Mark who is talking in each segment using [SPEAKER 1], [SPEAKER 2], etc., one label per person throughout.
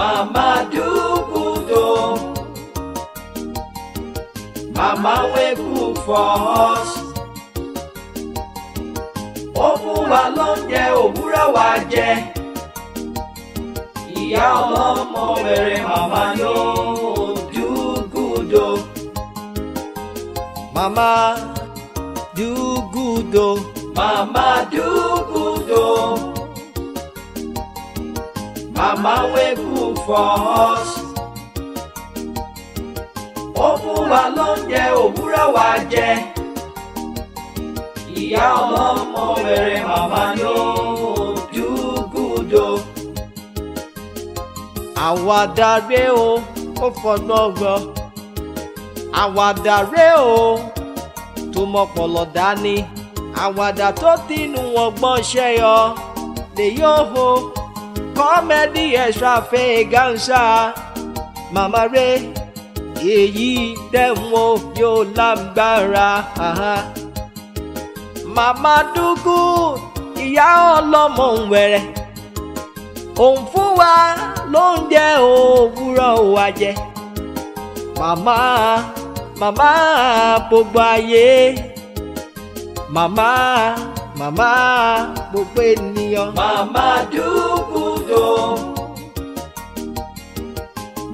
[SPEAKER 1] Mamadou Boudo. Mama
[SPEAKER 2] wey cook for us. Ó fún wa lóúnjẹ òwúrọ̀ wa jẹ. Ìyá ọlọ́mọ bẹ̀rẹ̀ màmá Mamadougudo. Mama Dougudo. Mama Dougudo mama wey cook for us. ó fún wa lóúnjẹ òwúrọ̀ wa jẹ ìyá ọlọ́mọ bẹ̀rẹ̀ màmá lójú gúdò. àwàdà rèé o ó fọgbọ́n gbọ́ àwàdà rèé o tó mọ̀pọ̀lọ̀ dání àwàdà tó tinú ọgbọ́n ṣẹyọ lè yóò ho comedy extra fẹ́gánsá màmá rẹ èyí dẹ̀wọ̀n yóò lágbára màmá dúkú ìyá ọlọ́mọ wẹ̀rẹ̀ òun fún wa lóúnjẹ òwúrọ̀ wa jẹ màmá màmá gbogbo ayé màmá màmá gbogbo ènìyàn. màmá dúkúdò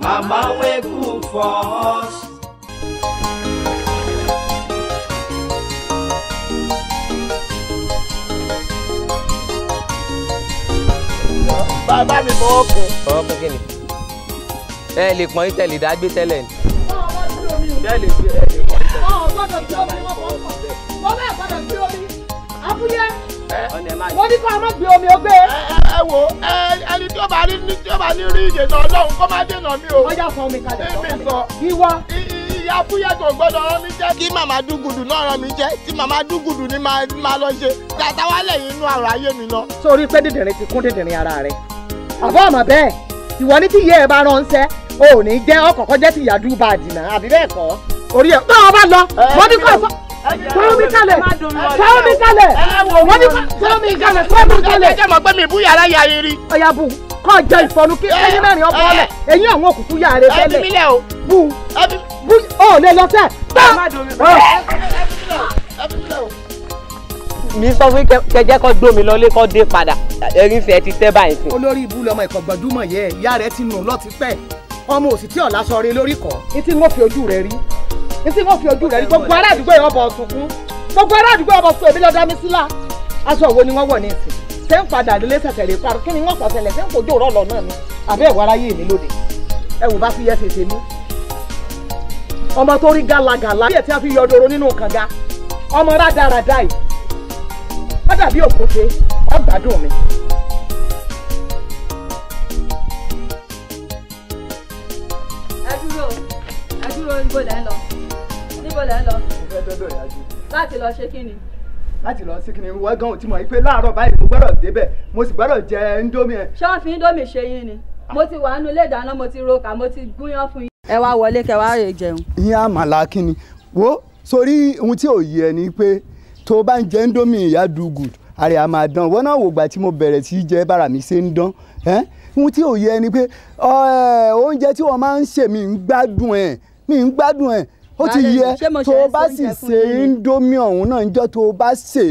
[SPEAKER 2] màmá wẹ́kù for us. bàbá mi fọwọ́ kún. fọwọ́ kún kí ni
[SPEAKER 3] ẹ lè pọ́n ìtẹ̀lẹ̀ dágbé tẹ́lẹ̀ ni. bẹ́ẹ̀ lè gbé ẹ lè gbọ́dọ̀ bí omi wọn gbọ́dọ̀ bí omi abúlé eh, wọ́n ní kó a má gbé omi ogbé. ẹ wo ẹni tí ó bá rí tí ó bá ní rí ìdènà ọlọ́run kó má dènà mi o. ọjà fún omi kalẹ̀ ọ̀hún sọ ìwọ. ìyá fúyẹ́ tó gbọ́dọ̀ rán mi jẹ́ kí màmá dúgùdù náà rán mi jẹ́ tí màmá dúgùdù ni máa lọ ṣe tàtàwá lẹ́yìn inú ọ̀rọ̀ ayé mi lọ. sórí pé dìndìnrín ti kún dìndìnrín ara rẹ àbọ̀ àmọ̀ bẹ́ẹ̀ ìwọ ní tí ìyá ẹ bá ránṣẹ́ ò ní jẹ́ ọkọ̀ọ̀kọ̀ jẹ́ ti yàdú bá àdìnà àbí bẹ́ẹ̀ kọ́ orí ẹ̀ tó o bá lọ wọ́n ní kọ́ ọ
[SPEAKER 1] sọ́rọ́ mi kalẹ̀ sọ́rọ́ mi kalẹ̀
[SPEAKER 3] wọ́n ní sọ́rọ́ mi kalẹ̀ sọ́rọ́ mi kalẹ̀. ẹ jẹ́ mọ̀ pé mi bú yàrá ya eré. ọ̀yà bù kọ́ jẹ ìfọ̀nù kí ẹyin mẹ́rin ọkọ ọlẹ̀ ẹyin àwọn òkùnkù yà rẹ bù bù ò lè lọ tẹ. mi sọ fún kẹjẹ kọ gbó mi lọlé kọ dé padà ẹ̀rín fẹ ti tẹ báyìí fún. olórí ibú lọmọ ìkọgbọdúmọ yẹ ìyá rẹ ti nù lọ ti pẹ́ ọmọ òsì tí ọ̀la sọ rí lórí kọ́ etí ń wọ́n fi ojú rẹ rí etí wọn fi ojú rẹ ní gbogbo ará àdúgbò yìí ọbọ sunkún gbogbo ará àdúgbò yìí ọbọ sunkún èmi lọ́dá mi sílá aṣọ wo ni wọ́n wọ̀ ní ìsìn ṣé ń padà délé ṣẹ̀ṣẹ̀ rè parọ́ kí ni wọ́n sọ ṣẹlẹ̀ ṣé ń kojú ọ̀rọ̀ lọ náà ni àbẹ́ ẹ̀wọ̀ aráyé mi lóde ẹ wò bá fi yẹ ṣèṣe mú ọmọ tó rí gàlagàla bí ẹ̀ tí a fi yọ ọdọọrọ nínú kànga ọmọ rádaràdà yìí ó dàbí òkúté ọgbàdùn mi
[SPEAKER 4] adúró adúró ibo lẹ́ ń lọ níbo lẹ́ ń lọ. mo fẹ́ fẹ́ bẹ̀rẹ̀ ajé. láti lọ ṣe kí ni.
[SPEAKER 3] láti lọ ṣe kí ni wọ́n gan òtí mọ̀ pé láàárọ̀ báyìí mo gbọ́dọ̀ débẹ̀ mo sì gbọ́dọ̀ jẹ ndómi ẹ̀.
[SPEAKER 4] ṣọ́ọ̀fì ndómi ṣe yín ni mo ti wà nínú ilé ìdáná mo ti roka mo ti gúnyán fún yín. ẹ wá wọlé kẹ rè jẹun. ìyá àmàlà kí ni wo
[SPEAKER 3] sórí ohun tí ò yẹ ni pé tó bá ń jẹ ndómi ìyá dùgùd àrẹ àmàdán wọn náà wògbà tí mo bẹ̀rẹ̀ sí í jẹ bára mi ṣe ń dán ohun tí ò yẹ ni pé oúnjẹ tí wọ́n máa ń ṣe mi ń gbádùn ẹ̀ mi ń gbádùn ẹ̀ ó ti yẹ tó o bá sì ṣe indomie ọ̀hún náà níjọ́ tó o bá ṣe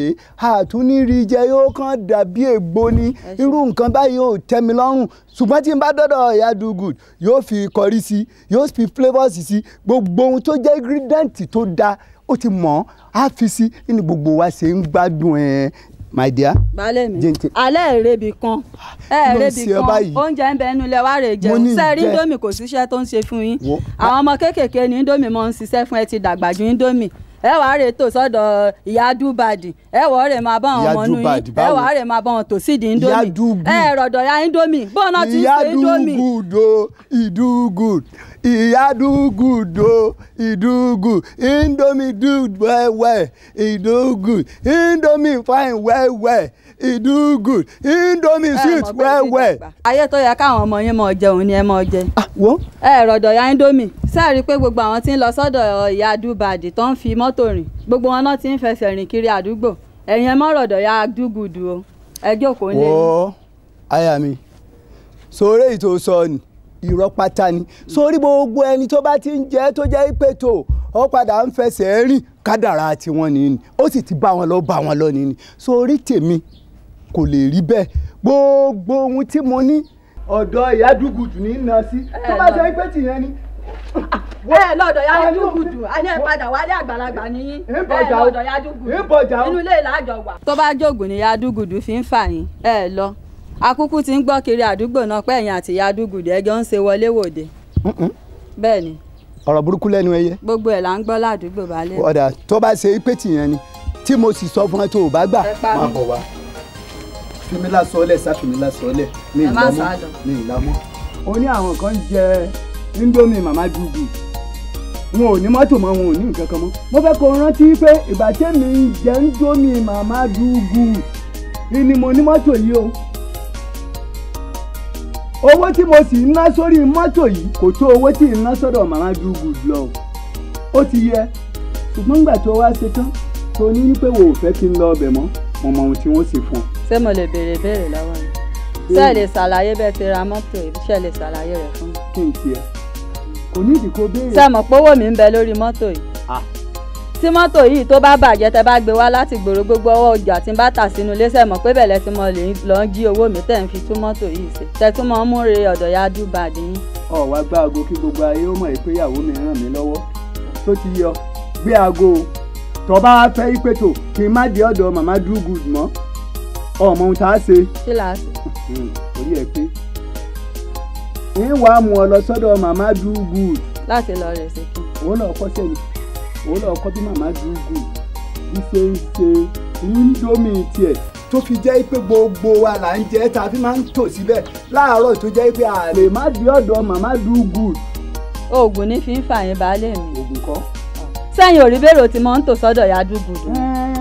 [SPEAKER 3] àtúnírí jẹ yóò kàn dàbí ègbó ni irú nǹkan báyìí ò tẹ́ lọ́rùn ṣùgbọ́n tí n bá dọ́dọ̀ ẹ̀yà do good yóò fi kọrí sí yóò fi flavours sí gbogbo ohun tó jẹ́ ingredient tó dáa ó ti mọ̀ á fi sí ní gbogbo wa ṣe ń gbádùn ẹ̀ my dear.
[SPEAKER 4] balẹ̀ mi alẹ́ ìrebi kan ẹ̀ẹ́rẹ́bì kan oúnjẹ ń bẹ ẹnu lẹ wá rè jẹun sẹ́ẹ̀rí ndomi kò síṣẹ́ tó ń ṣe fún yín àwọn ọmọ kéékèèké ní indomie mọ́ ń ṣiṣẹ́ fún ẹ ti dàgbà ju ndomi. ẹ wàá rè tó sọ́dọ̀ ìyá dúbàdì ẹ wàá rè máa bá àwọn ọmọ nù yín ẹ wàá rè máa bá wọn tò sídìí indomie ẹ rọ̀dọ̀ ya ndomi. bọ́ọ̀nà ti ń ṣe indomie. ìyá dúgùdò
[SPEAKER 3] ìdúgùdò ìyádùgùdò ìdùgù indomie dùd wẹ́wẹ́ ìdùgù indomie fine wẹ́wẹ́
[SPEAKER 4] ìdùgù indomie sweet wẹ́wẹ́. ayé tó yẹ káwọn ọmọ yín máa jẹun ni ẹ máa jẹ. wo. ẹ rọ̀dọ̀ ya indomie sẹ́ẹ̀rí pé gbogbo àwọn tí ń lọ sọ́dọ̀ ìyá dùbàdì tó ń fi mọ́tò rìn gbogbo wọn náà ti ń fẹsẹ̀ rìn kiri àdúgbò ẹ̀yin ẹ mọ́ rọ̀dọ̀ ya dùgùdù o ẹ jókòó lé. wọ́ọ́
[SPEAKER 3] aya mi sórí èyí tó sọ ni irọ́ pátá ni sórí gbogbo ẹni tó bá ti ń jẹ́ tó jẹ́ ìpètò ó padà ń fẹsẹ̀ rìn kádàrá tiwọn nìyí ó sì ti bá wọn lọ bá wọn lọ nìyí sórí tèmi kò lè rí bẹ́ẹ̀ gbogbo ohun tí mo ní ọ̀dọ̀ ìyá dùgùdù ní nà sí
[SPEAKER 4] tó bá jẹ́ pé tìyẹn ni. ẹ lọ́dọ̀ ìyá dùgùdù àní ẹ padà wálé àgbàlagbà nìyí ẹ lọ́dọ̀ ìyá dùgùdù inú ilé ìlàjọ wà. tó bá jogun ni ìyá dùgùdù fi ń fà yín ẹ lọ. akúkú ti ń gbọ́ kiri àdúgbò náà pé ẹ̀yin àti ìyá dùgùdù ẹjọ́ ń ṣe wọlé wòde. bẹ́ẹ̀ ni.
[SPEAKER 3] ọ̀rọ̀ burúkú lẹ́nu ẹyẹ.
[SPEAKER 4] gbogbo ẹ̀ là ń gbọ́ ládùúgbò balẹ̀.
[SPEAKER 3] ọ̀dà tó bá ṣe pé tìyẹn ni tí mo sì sọ fún ẹ tó o bá gbà. máa bọ̀ wá fimila sọlẹ̀ sáfimila sọlẹ̀ mi ìlámọ́ mi ìlámọ́. o ní àwọn kan ń jẹ indomie mama dùgù wọn ò ní mọ́tò mọ́ wọn ò ní nǹkan kan mọ́ mo fẹ́ kó rántí pé ìgbà tẹ́mi ń jẹ indomie mama dugu. ni mo ní mọ́tò yìí o owó tí mo sì ń ná sórí mọ́tò yìí kò tó owó tí ń ná sọ́dọ̀ màmá dùgù lọ ó ti yẹ ṣùgbọ́n gbà tó wá ṣe tán tó ní wípé wo ò fẹ́ kí n lọ ọbẹ̀ mọ́ mo mọ ohun tí wọ́n sì fún ọ.
[SPEAKER 4] ṣé mo lè béèrè béèrè lọ́wọ́ yìí ṣé ẹ lè ṣàlàyé bẹ́ẹ̀ ti ra mọ́tò yìí ṣé ẹ lè ṣàlàyé rẹ̀ fún mi. kí n tiẹ̀ kò ní ìdí béèrè. ṣé mo pówó mi ń bẹ lórí mọ́tò yìí tí mọ́tò yìí tó bá bàjẹ́ tẹ́ bá gbé wá láti gbòòrò gbogbo ọwọ́ ọjà tí ń bá tà sínú ilé sẹ́mọ̀ pé bẹ̀lẹ̀ tí mo lè lọ jí owó mi tẹ̀ ń fi tún mọ́tò yìí ṣe tẹ́ tún mọ́ mú re ọ̀dọ̀ ya dúbàdì yín.
[SPEAKER 3] ọ wá gbá aago kí gbogbo ayé ó mọ̀ pé ìyàwó mi ràn mí lọ́wọ́ tó ti yọ gbé aago tó bá fẹ́ ipe tò kí n má di ọ̀dọ̀ màmá do good mọ́ ọmọ ohun tá a ṣe. kí la ṣe. Hmm, orí ẹ pé ń mú ọ lọ sọ́dọ̀ màmá do
[SPEAKER 4] good. láti lọ rẹ̀ ṣe kí. òun náà kọ́ sẹ́yìn òun náà kọ́ bí màmá dùgù bí ṣe ń ṣe
[SPEAKER 3] índómì tiẹ̀ tó fi jẹ́ pé gbogbo wa là ń jẹ́ tá a fi máa ń tò síbẹ̀ láàárọ̀ tó jẹ́ pé àlè má di ọ̀dọ̀
[SPEAKER 4] màmá dùgù. oògùn ní fi ń fà yín baálé mi. oògùn kọ́. sẹ́yìn ò rí bèrè ò ti mọ̀ ń tò sọ́dọ̀ ya dùgù.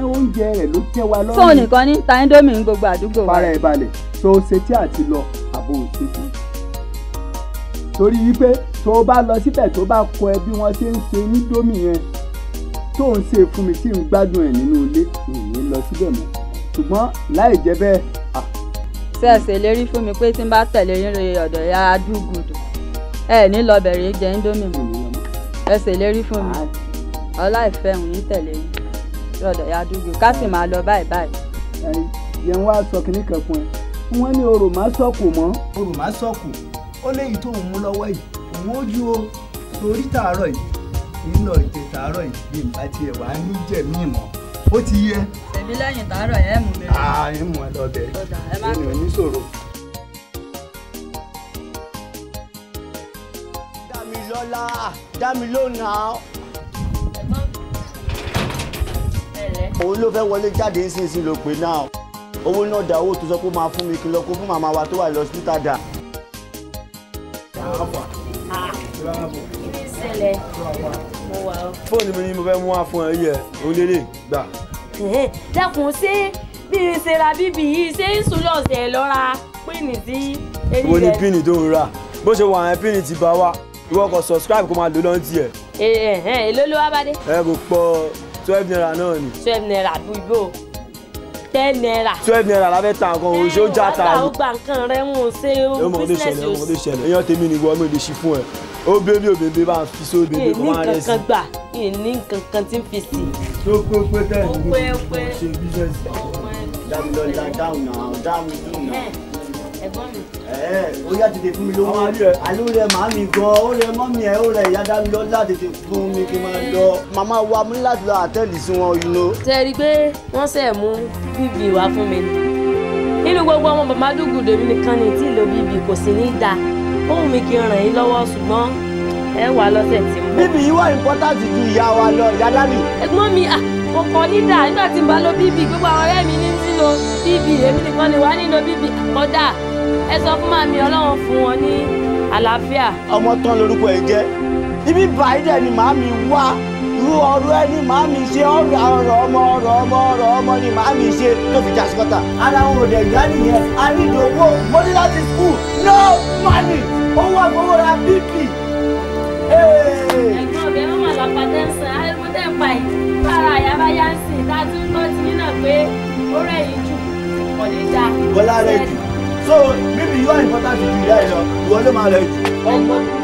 [SPEAKER 4] oúnjẹ rẹ̀ ló tẹ́ wa lọ́rùn. sóun nìkan ní ta índómì ní gbogbo àdúgbò wa. para
[SPEAKER 3] ẹ̀ balẹ̀ tó ṣetí àti lọ àbò òṣèlú torí wípé tó bá lọ síbẹ̀ tó bá kọ ẹ bí wọ́n ṣe ń ṣe nídómì yẹn tó ń ṣe fún mi tí ń gbádùn ẹ̀ nínú ilé èyí lọ síbẹ̀ mọ́ ṣùgbọ́n láì jẹ́ bẹ́ẹ̀.
[SPEAKER 4] ṣé ẹ ṣe lérí fún mi pé tí n bá tẹ̀lé yín lóye ọ̀dọ̀ ya adúgùdù ẹ ní lọ bẹ̀rẹ̀ jẹ indomie mi ẹ ṣe lérí fún mi ọlá ìfẹ́ òun yín tẹ̀lé yín lọ́dọ̀ ya adúgùdù ká sì máa lọ báyìí báyìí. yẹn wá
[SPEAKER 3] sọ kínní kan fún ẹ wọn ní orò má sọkù mọ́. orò má sọkù ó léyìí tó ń mú lọ́wọ́ yìí òun ó ju o torí yìí nínú ìjẹ tàárọ̀ ìdí ìbá tiẹ̀ wà ní jẹ̀mí ìmọ̀ ó ti yẹ.
[SPEAKER 4] tẹ̀mí lẹ́yìn tàárọ̀ ẹ̀ mú mi. àà ẹ̀ mú ẹ lọ bẹ̀rẹ̀ èmi ò ní ṣòro.
[SPEAKER 3] òun ló fẹ́ wọlé jáde nísinsìnyí ló pè náà owó náà dá owó tó sọ pé máa fún mi kí n lọ kó fún màmá wa tó wà lọ́sítà dà
[SPEAKER 5] ṣẹlẹ̀ fóònù mi ni mo fẹ́ mú wá fún ẹ yìí ẹ òun lélẹ̀ gbà.
[SPEAKER 3] dákun ṣé bí n ṣe ra bíbí yìí ṣé ń sùn lọ́sẹ̀ lọ́ra pínì tí èyí rẹ̀. wo ni
[SPEAKER 5] pínì tó ń rà bó ṣe wà yẹn pínì ti bá wa ìwọ kò subscribe kó máa lò lọ́ntì ẹ̀.
[SPEAKER 3] ẹ ẹ èló ló wá bá dé.
[SPEAKER 5] ẹ kò pọ̀ twelve naira náà ni.
[SPEAKER 3] twelve naira dùgbò ten naira.
[SPEAKER 5] twelve naira la fẹ́ ta nǹkan o ṣé ó já ta ni. ẹ wàá
[SPEAKER 3] gbà nǹkan rẹ̀ ń ṣe business
[SPEAKER 5] yìí. èèyàn tèmi ni ìwọ ọmọ èdè ṣí fún ẹ obìnrin obìnrin bá ń fi sí obìnrin kò máa rẹ sí. èmi kankan
[SPEAKER 3] gbà èmi kankan tí ń fi
[SPEAKER 2] sí. tó pé pé tẹ́lẹ̀ ní kò ṣe bísẹ̀sì dáhùn lọ́la dáhùn náà dáhùn
[SPEAKER 1] dùn náà. ẹ̀gbọ́n mi.
[SPEAKER 2] ẹ ó yá tètè fún mi ló máa rí ẹ àló rẹ màámi gan ó rẹ mọ́mí ẹ ó rẹ ìyá dáhùn lọ́la tètè fún mi kí n máa lọ. màmá wa mú
[SPEAKER 3] láti lọ àtẹ́lì sí wọn yìí ló. ṣe rí i pé wọ́n ṣe mú bíbí wá fún mi nínú gbogbo ọmọ bàbá dùgùdò mi nìkan ní tí ìlò bíbí kò sì ní í dáa ó wù mí kí ràn yín lọ́wọ́ ṣùgbọ́n ẹ wà lọ́sẹ̀ tí mo. bíbí yìí wà important ju ìyá wa lọ ìyá dálì.
[SPEAKER 4] ẹ̀gbọ́n mi mo kọ nídà nígbà tí n bá lo bíbí gbogbo àwọn ọ̀rẹ́ mi ní sílo bíbí èmi nìkan ni wà nílò bíbí kódà ẹ sọ fún màmí ọlọ́run fún wọn ní àlàáfíà.
[SPEAKER 3] ọmọ tán lorúkọ ẹ jẹ ibi bàyí dẹ ni màmí wá irú ọ̀rọ̀ ẹni màá mi ṣe ọ̀rọ̀ ọmọ ọ̀rọ̀ ọmọ ọ̀rọ̀ ọmọ ni màá mi ṣe tó fi jà síkọ́tà ara wọn ò dẹ̀ yá nìyẹn a mo ní láti school no money owó àgbọ̀wọ́ ra bp. ẹ̀gbọ́n ọ̀bẹ̀ ọmọ àlàpàdé ń sàn
[SPEAKER 4] ẹ̀mú tẹ̀ pa ẹ̀ lára àyàbá yá ń sìn dájú ń tọ́jú yín pé ó rẹ̀ yìí jù kò ní dáa. bọ́lá rẹ̀
[SPEAKER 1] jù
[SPEAKER 5] so bíbí yóò àyìnbọ́tà jù jù yá ẹ̀ lọ ìwọ ló máa rẹ̀ jù.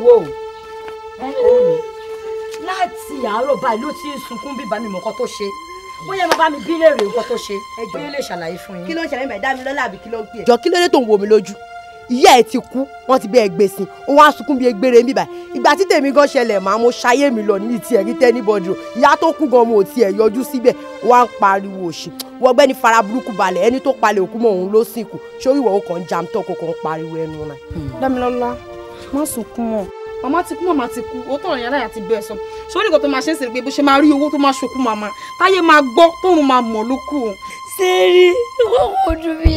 [SPEAKER 3] wo ẹ ó láti àárọ̀ báyìí ló ti ń sunkún bíbá mi mọ̀ nǹkan tó ṣe wọ́n yẹ bàbá mi bí léèrè nǹkan tó ṣe ẹjọ́ lè ṣàlàyé fún yín. kí ló ń ṣẹlẹ̀ mẹ́ẹ̀dá mi lọ́la àbí kí ló ń pè é. jọ kí ló dé tó ń wo mi lójú ìyá ẹ ti kú wọn ti bí ẹ gbèsè òun á sunkún bí egbére mi báyìí ìgbà tí tèmi gan ṣẹlẹ̀ máa mo ṣayé mi lọ ní tiẹ̀ ní tẹ́nibọ́dì o ìyá tó kú gan mo tiẹ̀ yọjú síbẹ̀ wọ́n á pariwo òṣì wọ́n gbẹ́ni fara burúkú balẹ̀ ẹni tó palẹ̀ òkú mọ́ òun ló sìnkú sórí ìwọ̀ òkàn jàm tó kò pariwo ẹnu rẹ̀. Hmm. dámilọ́lá má sunkún mọ́ màmá ti kú màmá ti kú ó tọrọ yàrá yà ti bẹ sọ sórí nǹkan tó máa ṣe ń sèrè pé bó ṣe máa rí owó tó máa ṣokú màmá táyé máa gbọ́ tóun máa mọ̀ ló kù. sẹ́ẹ̀rì
[SPEAKER 2] wọ́n kò dùn mí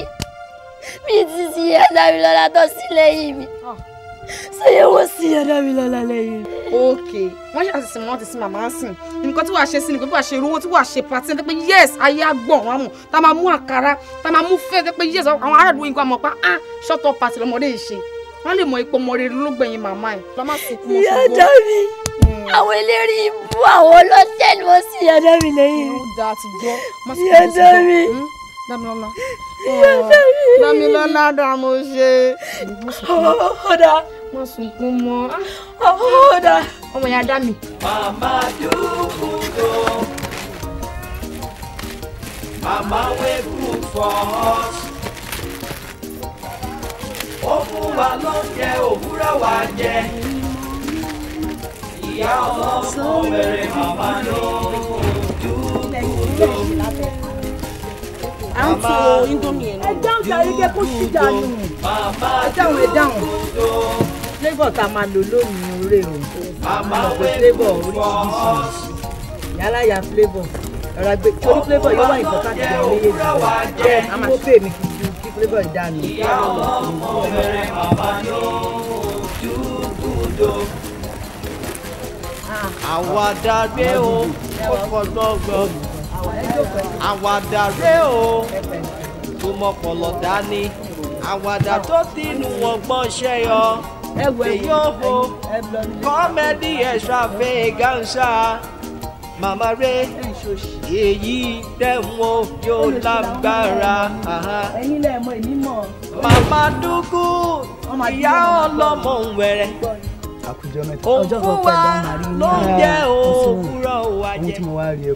[SPEAKER 3] mi ti ti yàrá mi lọ́la tó sí lẹ́yìn mi ah. ṣé wọ́n sí yàrá mi lọ́la lẹ́yìn mi. ok wọ́n ṣe àṣìṣe wọn ti sin màmá sìn nǹkan tí wàá ṣe sí ni pé wàá ṣe irúwó tí wàá ṣe pàtí ẹni pé yes ayé àgbọ̀n wọn mọ̀ tá máa mú àkàrà tá máa mú fẹ́ẹ́ pé yes àwọn aráàlú yìí kò àmọ́ pa ah ṣọ́tọ̀ pàtí lọ́mọdé yìí wọ́n lè mọ ipò ọmọ rere ló gbẹ̀yìn màmá ẹ̀ lọ́ má sunkún mọ́ ṣùgbọ́n. ìyá dábì hmm. àwọn eléré ibú àwọn ọlọ́tẹ̀ ni wọ́n sì yá dábì lẹ́yìn. ó dáa ti jẹ́ ìyá dábì.
[SPEAKER 1] Hmm? Dámilọ́lá
[SPEAKER 3] hmm. Dámilọ́lá dààmú ṣe. ọ̀dà má sunkún mọ́. ọ̀dà ọmọ ìyá dá mi.
[SPEAKER 2] màmá
[SPEAKER 1] dúkú lọ
[SPEAKER 2] màmá wẹ́kú fọ́ ọ́ ó fún wa lóúnjẹ òwúrọ̀ wa jẹ ìyá ọlọ́mọ
[SPEAKER 1] bẹ̀rẹ̀ màmá lójú lójú. à ń tu indomie ẹ̀
[SPEAKER 3] náà. ẹ dáhùn jàre kó sì dànù ẹ dáhùn ẹ flavour tá a máa lónìí oore o màmá wé flavour yálà ya flavour ọ̀rọ̀ àgbẹ̀ torí flavour yóò wá ìfọ̀kàtì ìdílé yé mi ẹ̀
[SPEAKER 2] á máa tó pè mí flavour ìdáni. ìyàwó ọmọ bẹ̀rẹ̀ bàbá lójú gbúdọ̀. àwàdà rẹ o ó fọgbọ́n gbọ́n. àwàdà rẹ o tó mọ̀pọ̀lọ̀ dání. àwàdà tó tinú ọgbọ́n ṣẹ́yọ. èyí ò fo kọ́mẹ́dì extravaganza màmá rẹ èyí dẹ̀wọ̀n yóò lágbára. ẹ̀yin lẹ mọ̀ èmi mọ̀. màmá dúkú ìyá ọlọ́mọ wẹ̀rẹ̀. òkú wa ló ń jẹ́ òkúrọ̀ wa jẹ́. ohun tí mo
[SPEAKER 3] wá rí ẹ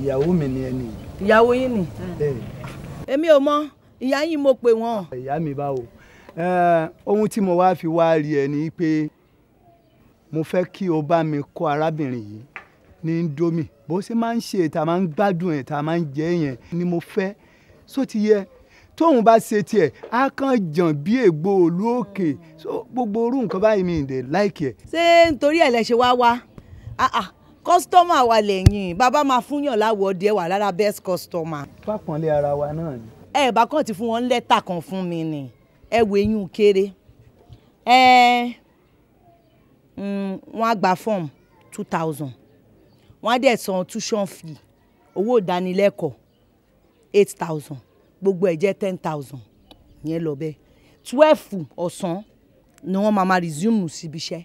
[SPEAKER 3] ìyàwó mi ni ẹni. ìyàwó yín ni. èmi ò mọ ìyá yín mo pè wọn. ìyá mi báwo ohun tí mo wá fi wá rí ẹ ni pé mo fẹ́ kí o bá mi kó arábìnrin yìí ní indomie bó ṣe máa ń ṣe ta a máa ń gbádùn ẹ̀ tá máa ń jẹ yẹn ni mo fẹ́ só ti yẹ tóun bá ṣe tiẹ̀ á kàn jàn bí ègbò òlú òkè gbogbo orú nǹkan báyìí mi ìdè láìkì ẹ̀. ṣé nítorí ẹ̀ lẹ ṣe wá wá kọ́sítọ́mà wa lẹ́yìn bàbá máa fún yàn láwọ̀ díẹ̀ wà lára best customer. fàpọ̀nlé ara wa náà ni. ẹ bá kàn ti fún wọn lẹ́tà kan fún mi ni ẹ wo eyín kéré ẹ mm, wọn á gba fọ́ọ̀mù two thousand wọ́n á dẹ̀ san tuition fee owó ìdánilẹ́kọ̀ọ́ eight thousand gbogbo ẹ̀ jẹ́ ten thousand yẹn lọ bẹ́ẹ̀ twelve ọ̀sán ni wọ́n máa máa resume síbi iṣẹ́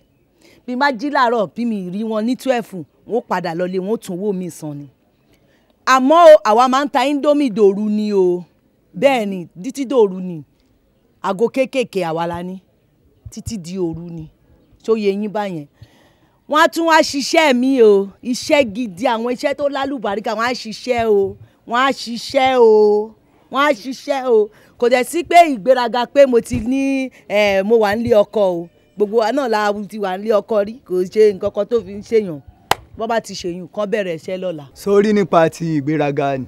[SPEAKER 3] bí má jí làárọ̀ bí mi rí wọn ní twelve wọn ó padà lọlé wọn ó tún owó mi san ni àmọ́ àwa máa ń ta indomie dòru ni o bẹ́ẹ̀ ni títí dòru ni aago kéékèèké àwa la ní títí di òru ni ṣó yẹ yín báyẹn wọ́n á tún wá ṣiṣẹ́ mi o iṣẹ́ gidi àwọn iṣẹ́ tó lálùbáríkà wọ́n á ṣiṣẹ́ o wọ́n á ṣiṣẹ́ o wọ́n á ṣiṣẹ́ o kò dẹ̀ sí pé ìgbéraga pé mo ti ní ẹ̀ mo wà nílé ọkọ o gbogbo wa náà la ti wà nílé ọkọ rí kò ṣe nǹkan kan tó fi ń ṣèyàn bọ́ bá ti ṣèyàn kan bẹ̀rẹ̀ iṣẹ́ lọ́la. sórí nípa ti ìgbéraga ni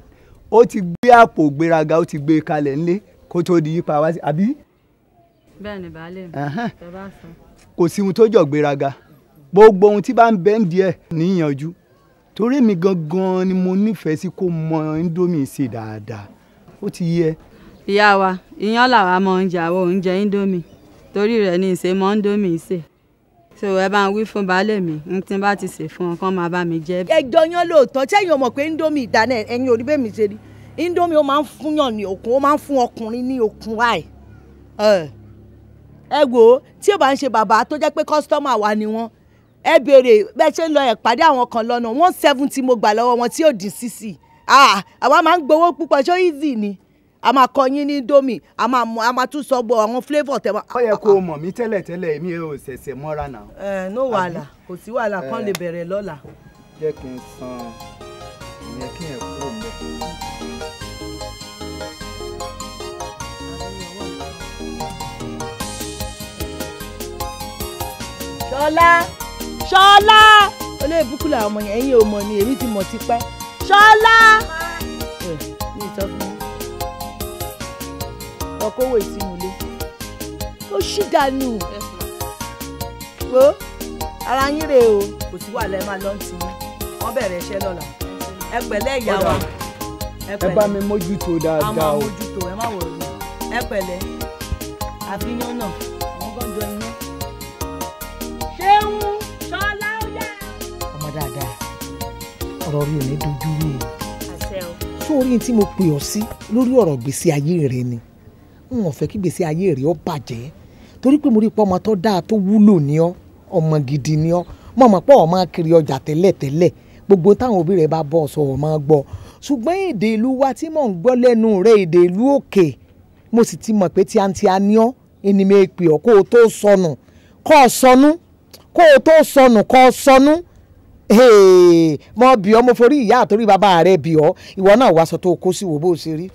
[SPEAKER 3] ó ti gbé àpò ìgbéraga ó ti gbé kalẹ̀ ńlé kó tó di yípa wá sí àbí.
[SPEAKER 4] bẹ́ẹ̀ni baálé mi bàbá sọ.
[SPEAKER 3] kò sí ohun tó jọ ìgbéraga gbogbo ohun tí bá ń bẹ́ ń díẹ̀ níyànjú torí mi gangan ni mo nífẹ̀ẹ́ sí kó mọ indomie ṣe dáadáa ó ti yẹ.
[SPEAKER 4] ìyá wa ìyán làwa mọ oúnjẹ àwọn oúnjẹ indomie torí rẹ̀ ní ìṣe mọ indomie ṣe so ẹ bá ń wí fún baálé mi n tí n bá ti ṣe fún ọ kán máa bá mi jẹ. ẹjọ yan lóòótọ́ sẹ́yìn ọmọ pé indomie ìdáná ẹ̀yin ò rí mi ṣe rí
[SPEAKER 3] indomie ó máa ń fún ní okun ó máa ń fún ọkùnrin ní okun wáì ẹ wò tí ò bá ń ṣe bàbá tó jẹ́ pé kọ́sítọ́mà wa ni wọ́n ẹ béèrè bẹ́ẹ̀ ṣe ń lọ ìpàdé àwọn kan lọ́nà one seventy mo gbà lọ́wọ́ wọn tí ò dín sísì àwa máa ń gbowó púpọ̀ ṣó easy ni a máa kọ yín ní domi a máa mọ a máa tún sọ gbọ àwọn flavour tẹ ma. ó yẹ kó o mọ̀ mí tẹ́lẹ̀ tẹ́lẹ̀ mi ò ṣẹ̀ṣẹ̀ mọ́ra náà. ẹ no wàhálà kò sí wàhálà kan lè bẹ̀rẹ̀ lọ́la.
[SPEAKER 1] jẹ́ kí n san ìyẹn kí n kúrò mọ́.
[SPEAKER 3] ṣọlá ṣọlá olóyè búkú làwọn ọmọ yẹn ẹ̀yin ò mọ̀ ni èmi ti mọ̀ ti pẹ́ ṣọlá. mi ì tọ́ ó ṣì dànù wo ara yín rèé o kò sí wàhálà ẹ máa lọ sí i wọ́n bẹ̀rẹ̀ iṣẹ́ lọ́la ẹ pẹ̀lẹ́ ìyá ẹ bá mi mójútó dáadáa o ẹ má wọ̀rọ̀ ẹ pẹ̀lẹ́ àfihàn náà àwọn gbọ́dọ̀ iná. ọ̀rọ̀ rí òní dojú rú o sórí tí mo pè ọ́ sí lórí ọ̀rọ̀ gbèsè ayé rẹ ni n ò fẹ́ kí gbèsè ayé rẹ ó bàjẹ́ torí pé mo rí i pé ọmọ tó dáa tó wúlò ní ọ ọmọ gidi ní ọ mo mọ̀ pé ọ̀ máa kiri ọjà tẹ́lẹ̀ tẹ́lẹ̀ gbogbo táwọn òbí rẹ bá bọ̀ sọ ọ̀ máa gbọ́ ṣùgbọ́n èdè ìlú wa tí mò ń gbọ́ lẹ́nu rẹ èdè ìlú òkè mo sì ti mọ̀ pé tí a ọ́ ẹni mi pè ọ́ kó o tó sọnù kó o sọnù kó o tó sọnù kó o sọnù mo mọ ọ́ mo forí ìyá àtòrí bàbá rẹ bì ọ, ìwọ náà wàá sọ tó o kó sí wo bó o ṣe rí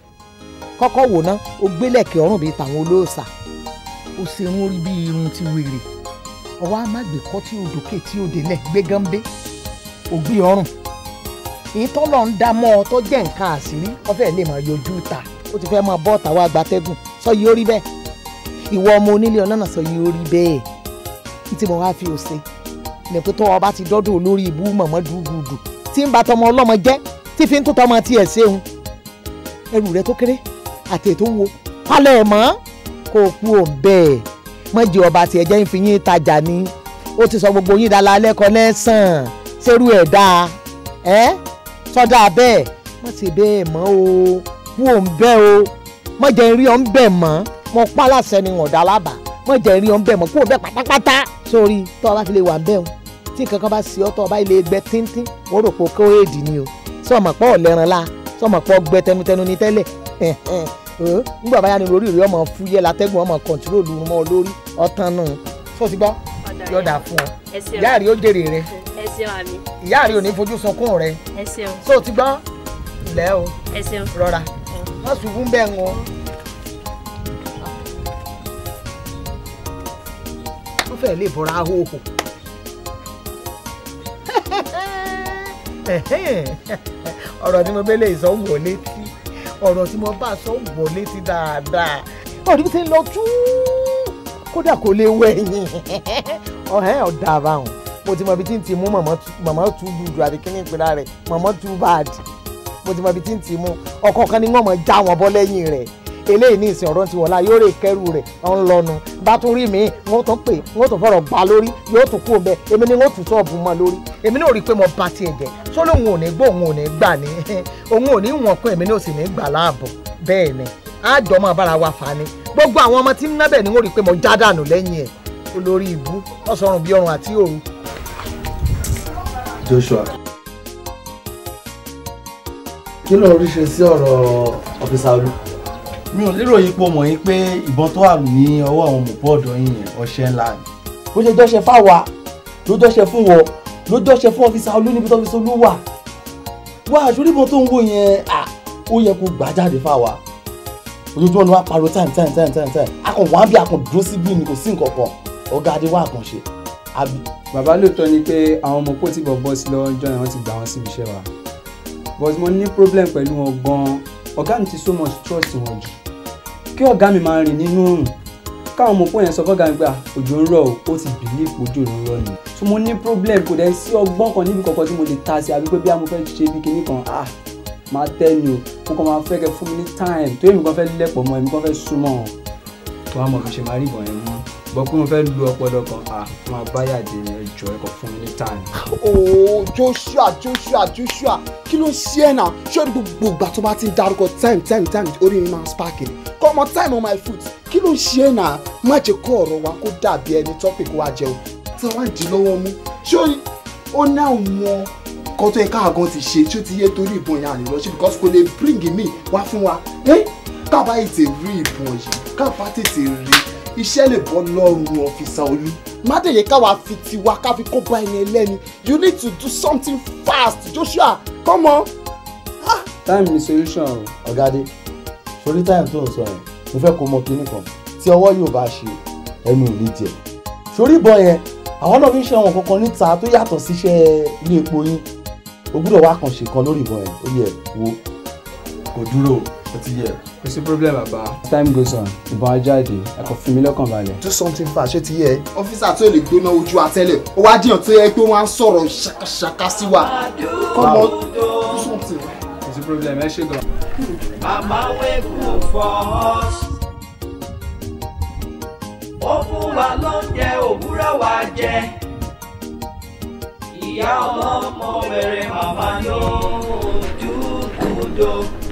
[SPEAKER 3] Kọkọ wò ná o ọrùn bíi tàwọn olóòṣà o ṣe irun orí bíi irun ti wèrè tí o dòkè tí o o gbé ọrùn ń dá mọ́ ọ tó jẹ́ nǹkan àṣírí ọfẹ́ lè sọ yìí ó rí bẹ́ẹ̀ ọmọ onílé sọ yìí ó rí bẹ́ẹ̀ kí tí mo ní pé tó ọba ti dọ́dọ̀ olórí ibú mọ̀mọ́ dúdú tí ń ba tọmọ ọlọ́mọ jẹ́ tí fi ń tó tọmọ tiẹ̀ ṣeun ẹrù rẹ tó kéré àti ètò wo palẹ̀ mọ́ kó o kú ò bẹ́ẹ̀ mọ́jì ọba tiẹ̀ jẹ́ ìfiyín tajà ni ó ti sọ gbogbo yín dala lẹ́kọ̀ọ́ lẹ́sàn-án ṣerú ẹ̀ dáa ẹ́ sọ́dà bẹ́ẹ̀ mọ̀ sí bẹ́ẹ̀ mọ́ o kú ò bẹ́ o mọ̀jẹ̀ rí ọ̀ ń bẹ̀ mọ́ mo pa ni wọ̀n dá lábàá mọ̀jẹ̀ rí ọ̀ ń bẹ̀ mọ́ kú ò bẹ́ pátápátá sórí tọ́ ọ lè wà ń o tí nǹkan kan bá sí ọtọ ọba ilé gbẹ tíntín ó rò pé kó èdì ni o sọmọ pọ ọlẹran la sọmọ pọ gbẹ tẹnutẹnu ni tẹ́lẹ̀ nígbà báyà ni lórí ìrẹ ọmọ fúyẹ́ látẹ́gùn ọmọ kọńtúrólù mọ lórí ọtán nù sọsí gbọ yọdà fún ọ ìyá ó jèrè rẹ ìyá ò ní fojú sunkún rẹ sọ gbọ ilẹ̀ o rọra má ṣubú bẹ́ẹ̀ ń wọ. wọ́n fẹ́ẹ́ lè bọ̀ra ahóhò. ọ̀rọ̀ tí mo bẹ́ lè sọ wọ̀ létí ọ̀rọ̀ tí mo bá sọ wọ̀ létí dáadáa ọ̀rọ̀ tí mo lọ tú kódà kò lè wẹ̀yìn ọ̀hẹ́ ọ̀dà àbáhùn mo ti mọ ibi tí ń ti mú màmá tú dùdù àbí kíní ìpínlẹ̀ rẹ̀ màmá tú báàdì mo ti mọ ibi tí ń ti mú ọkọ̀ kan ni wọ́n mọ̀ já wọn bọ́ lẹ́yìn rẹ̀ eléyìí ní ìsìn ọ̀rọ̀ tiwọn láà yóò rè kẹrù rẹ̀ ọ̀n lọ́nu bá tún rí mi wọ́n tún pè wọ́n tún fọ̀rọ̀ gbà lórí yóò tún kú ọbẹ̀ èmi ni wọ́n tún sọ́ọ̀bù mọ́ lórí èmi náà rí i pé mo bá tiẹ̀ jẹ́ sólò òun ò ní gbọ́ òun ò ní gbà ní òun ò ní wọ̀n kún èmi náà sì ní gbà láàbọ̀ bẹ́ẹ̀ ni àjọ máa bára wa fà ni gbogbo àwọn ọmọ tí ń nábẹ̀ ni wọ́n rí i Joshua kí ló ń rí ṣe sí ọ̀rọ̀ ọ̀fíìsà olú mi ò lérò yìí pé mọ̀ yín pé ìbọn tó wà ní ọwọ́ àwọn mọ̀pọ́ọ̀dọ̀ yín yẹn ọṣẹ ńlá ni. ó ṣe dọ́ṣẹ fáwa ló dọ́ṣẹ fún wọn ló dọ́ṣẹ fún ọ́fíìsà olóníbi tó fi so ló wà. wá àṣoríbọn tó ń wò yẹn ó yẹ kó gbà jáde fáwa. ojoojúmọ́ ni wọ́n á pariwo time time time time time akọ̀ wọ́n á bí akọ̀ dúró sí bí ni kò sí nǹkan kan ọ̀gá adé wà kàn ṣe. bàbá lóòótọ́ ni pé àwọn ọmọ kò tí bọ̀ bọ́ọ̀sì lọ́wọ́ jọ́ yẹn wọ́n ti gbà wọ́n síbi iṣẹ́ wa but mo ní problem pẹ̀lú wọn gan-an ọ̀gá mi ti so much trust wọn jù kí ọ̀gá mi máa rìn nínú òrùn káwọn ọmọ pọ́n yẹn sọ fọ́gà mi pé òjò ń rọ̀ ó ti bìlíf òjò ń rọ̀ ni so mo ní problem kò dẹ̀ sí ọgbọ́n kan níbi kankan tí mo lè ta sí àbí pé bí a mo fẹ́ ṣe bí kinní kan ah máa tẹ́ o mo kàn máa fẹ́ kẹ́ fún mi ní time tó èmi kan fẹ́ lẹ̀pọ̀ mọ́ èmi kan fẹ́ súnmọ́ ọ̀ tó a mọ̀ kò ṣe máa rí ìbọn yẹn mọ́ bọ́ pé mo fẹ́ lu ọpọlọ kan à máa báyà dé ẹjọ́ ẹ̀kọ́ fún ní táàmì. ooo oh, Joshua Joshua Joshua kí ló ń ṣe ẹ̀ náà ṣé gbogbo ìgbà tó bá ti ń darúkọ time time time orí mi máa ń spark ni kọ́ time on my foot kí ló ń ṣe ẹ̀ náà má jẹ́ kó ọ̀rọ̀ wa kó dàbí ẹni topic wa jẹun tí wọ́n á di lọ́wọ́ mú ṣé ó ní àwọn kan tó yẹ káàgán ti ṣe tí ó ti yé torí ìbọn yẹn àná lọ́sí because kò lè bring me wá fún wa eh? kábàá ètè rí ìbọn yìí kábàá tètè rí iṣẹ́ lè bọ́ lọ́rùn ọ̀fíìsà olú má dẹ̀ yẹ káwa fi tiwa ká fi kó bá ẹni ẹlẹ́ni you need to do something fast Joshua come on. Ah! time is solution o. ọ̀gádé sórí time tó ń sọ yẹn mo fẹ́ kó mọ kinní kan tí ọwọ́ yóò bá ṣe ẹnu ò ní jẹ sórí ìbọn yẹn àwọn náà fi ń ṣe àwọn kankan níta tó yàtọ̀ síṣẹ́ ilé epo yín o gbúdọ̀ wá kàn ṣe kan lórí ìbọn yẹn ó yẹ wo kò dúró o ó ti yẹ. kò sí problem bàbá. time goes on ìbọn ajáde ẹ̀kọ́ fi mí lọ́kàn balẹ̀. do something fast ṣé ti yẹ. ọ́fíìsà tó lè gbóná ojú àtẹ́lẹ̀ ó wá jiyàn tó yẹ pé wọ́n sorrow? sọ̀rọ̀ ṣàkàṣàkà siwa. Come on, do something. kò sí problem ẹ ṣe gan.
[SPEAKER 2] màmá wẹ́kù for us. ó fún wa lóúnjẹ òwúrọ̀ wa jẹ. ìyá ọlọ́mọ bẹ̀rẹ̀ màmá ló
[SPEAKER 1] dúkùdó.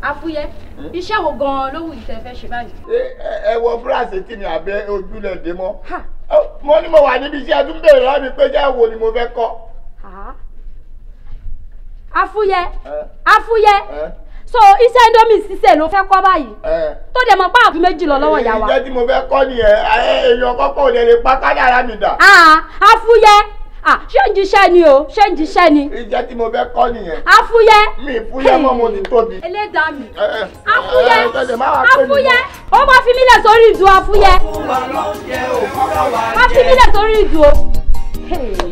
[SPEAKER 4] afúyẹ hm? iṣẹ́ wo gan-an ló wù ìtẹ́ fẹ́ ṣe báyìí.
[SPEAKER 3] ẹ wọ fúláṣí tì ní abẹ́ ojúlẹ̀ dé mọ́ mo ní mo wà níbi iṣẹ́ tún bèrè lọ́wọ́ mi pé jẹ́ wo ni mo fẹ́ kọ́. afúyẹ afúyẹ so iṣẹ́ indomie ṣiṣẹ́ ló fẹ́ kọ́ báyìí tó dẹ̀ mọ́ páàkì méjì lọ lọ́wọ́ ìyá wa. ìjẹ́
[SPEAKER 5] tí mo fẹ́ kọ́ nìyẹn èèyàn
[SPEAKER 3] kọ́kọ́ ò lè pa kádàrá mi dà. àfúyẹ́ Ah, ṣé ń jíṣẹ́ ni o ṣé ń jíṣẹ́ ni. ìjẹ́ tí mo fẹ́ kọ́ nìyẹn. afúyẹ́. mi ìfúyẹ́ mọ́ mo ti tóbi. ẹlẹ́dàá mi. afúyẹ́ afúyẹ́ ó máa fi mí lẹ̀ sórí ìdú afúyẹ́.
[SPEAKER 2] máa
[SPEAKER 1] fi mí lẹ̀
[SPEAKER 3] sórí ìdú o.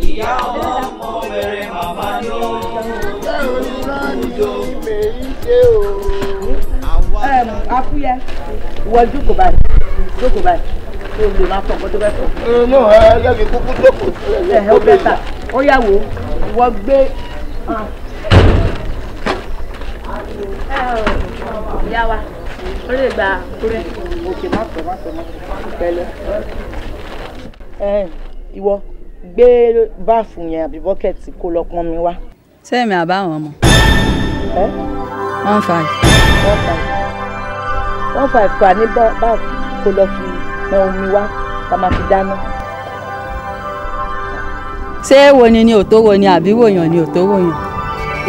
[SPEAKER 2] ìyá ọmọ bẹ̀rẹ̀ màmá ló ló lè ṣe o. afúyẹ́
[SPEAKER 3] wọ jókòó báyìí jókòó báyìí kó lè máa fọ̀ kótó bẹ́ẹ̀ fọ̀. inú ẹ lẹ́bi kúkú jókòó. ẹ̀hẹ́ ó bẹ́ẹ̀ ta ó yà wò wọ́n gbé. Ah. ìyá wa ó lè gba kúrẹ́. òkè má tọ̀ má tọ̀ má tọ̀ pẹ̀lẹ́.
[SPEAKER 4] ìwọ gbé báàfù yẹn àbí bọ́kẹ̀tì kó lọ pọn mi wá. sẹ́ẹ̀mì àbáwọn ọmọ. one five. one five one
[SPEAKER 3] five kọ́ àní báàfù kó lọ fi pọn omi wá ká máa fi dáná.
[SPEAKER 4] ṣé wo ni ni ò tó wo ni àbí wòyàn ni ò tó wòyàn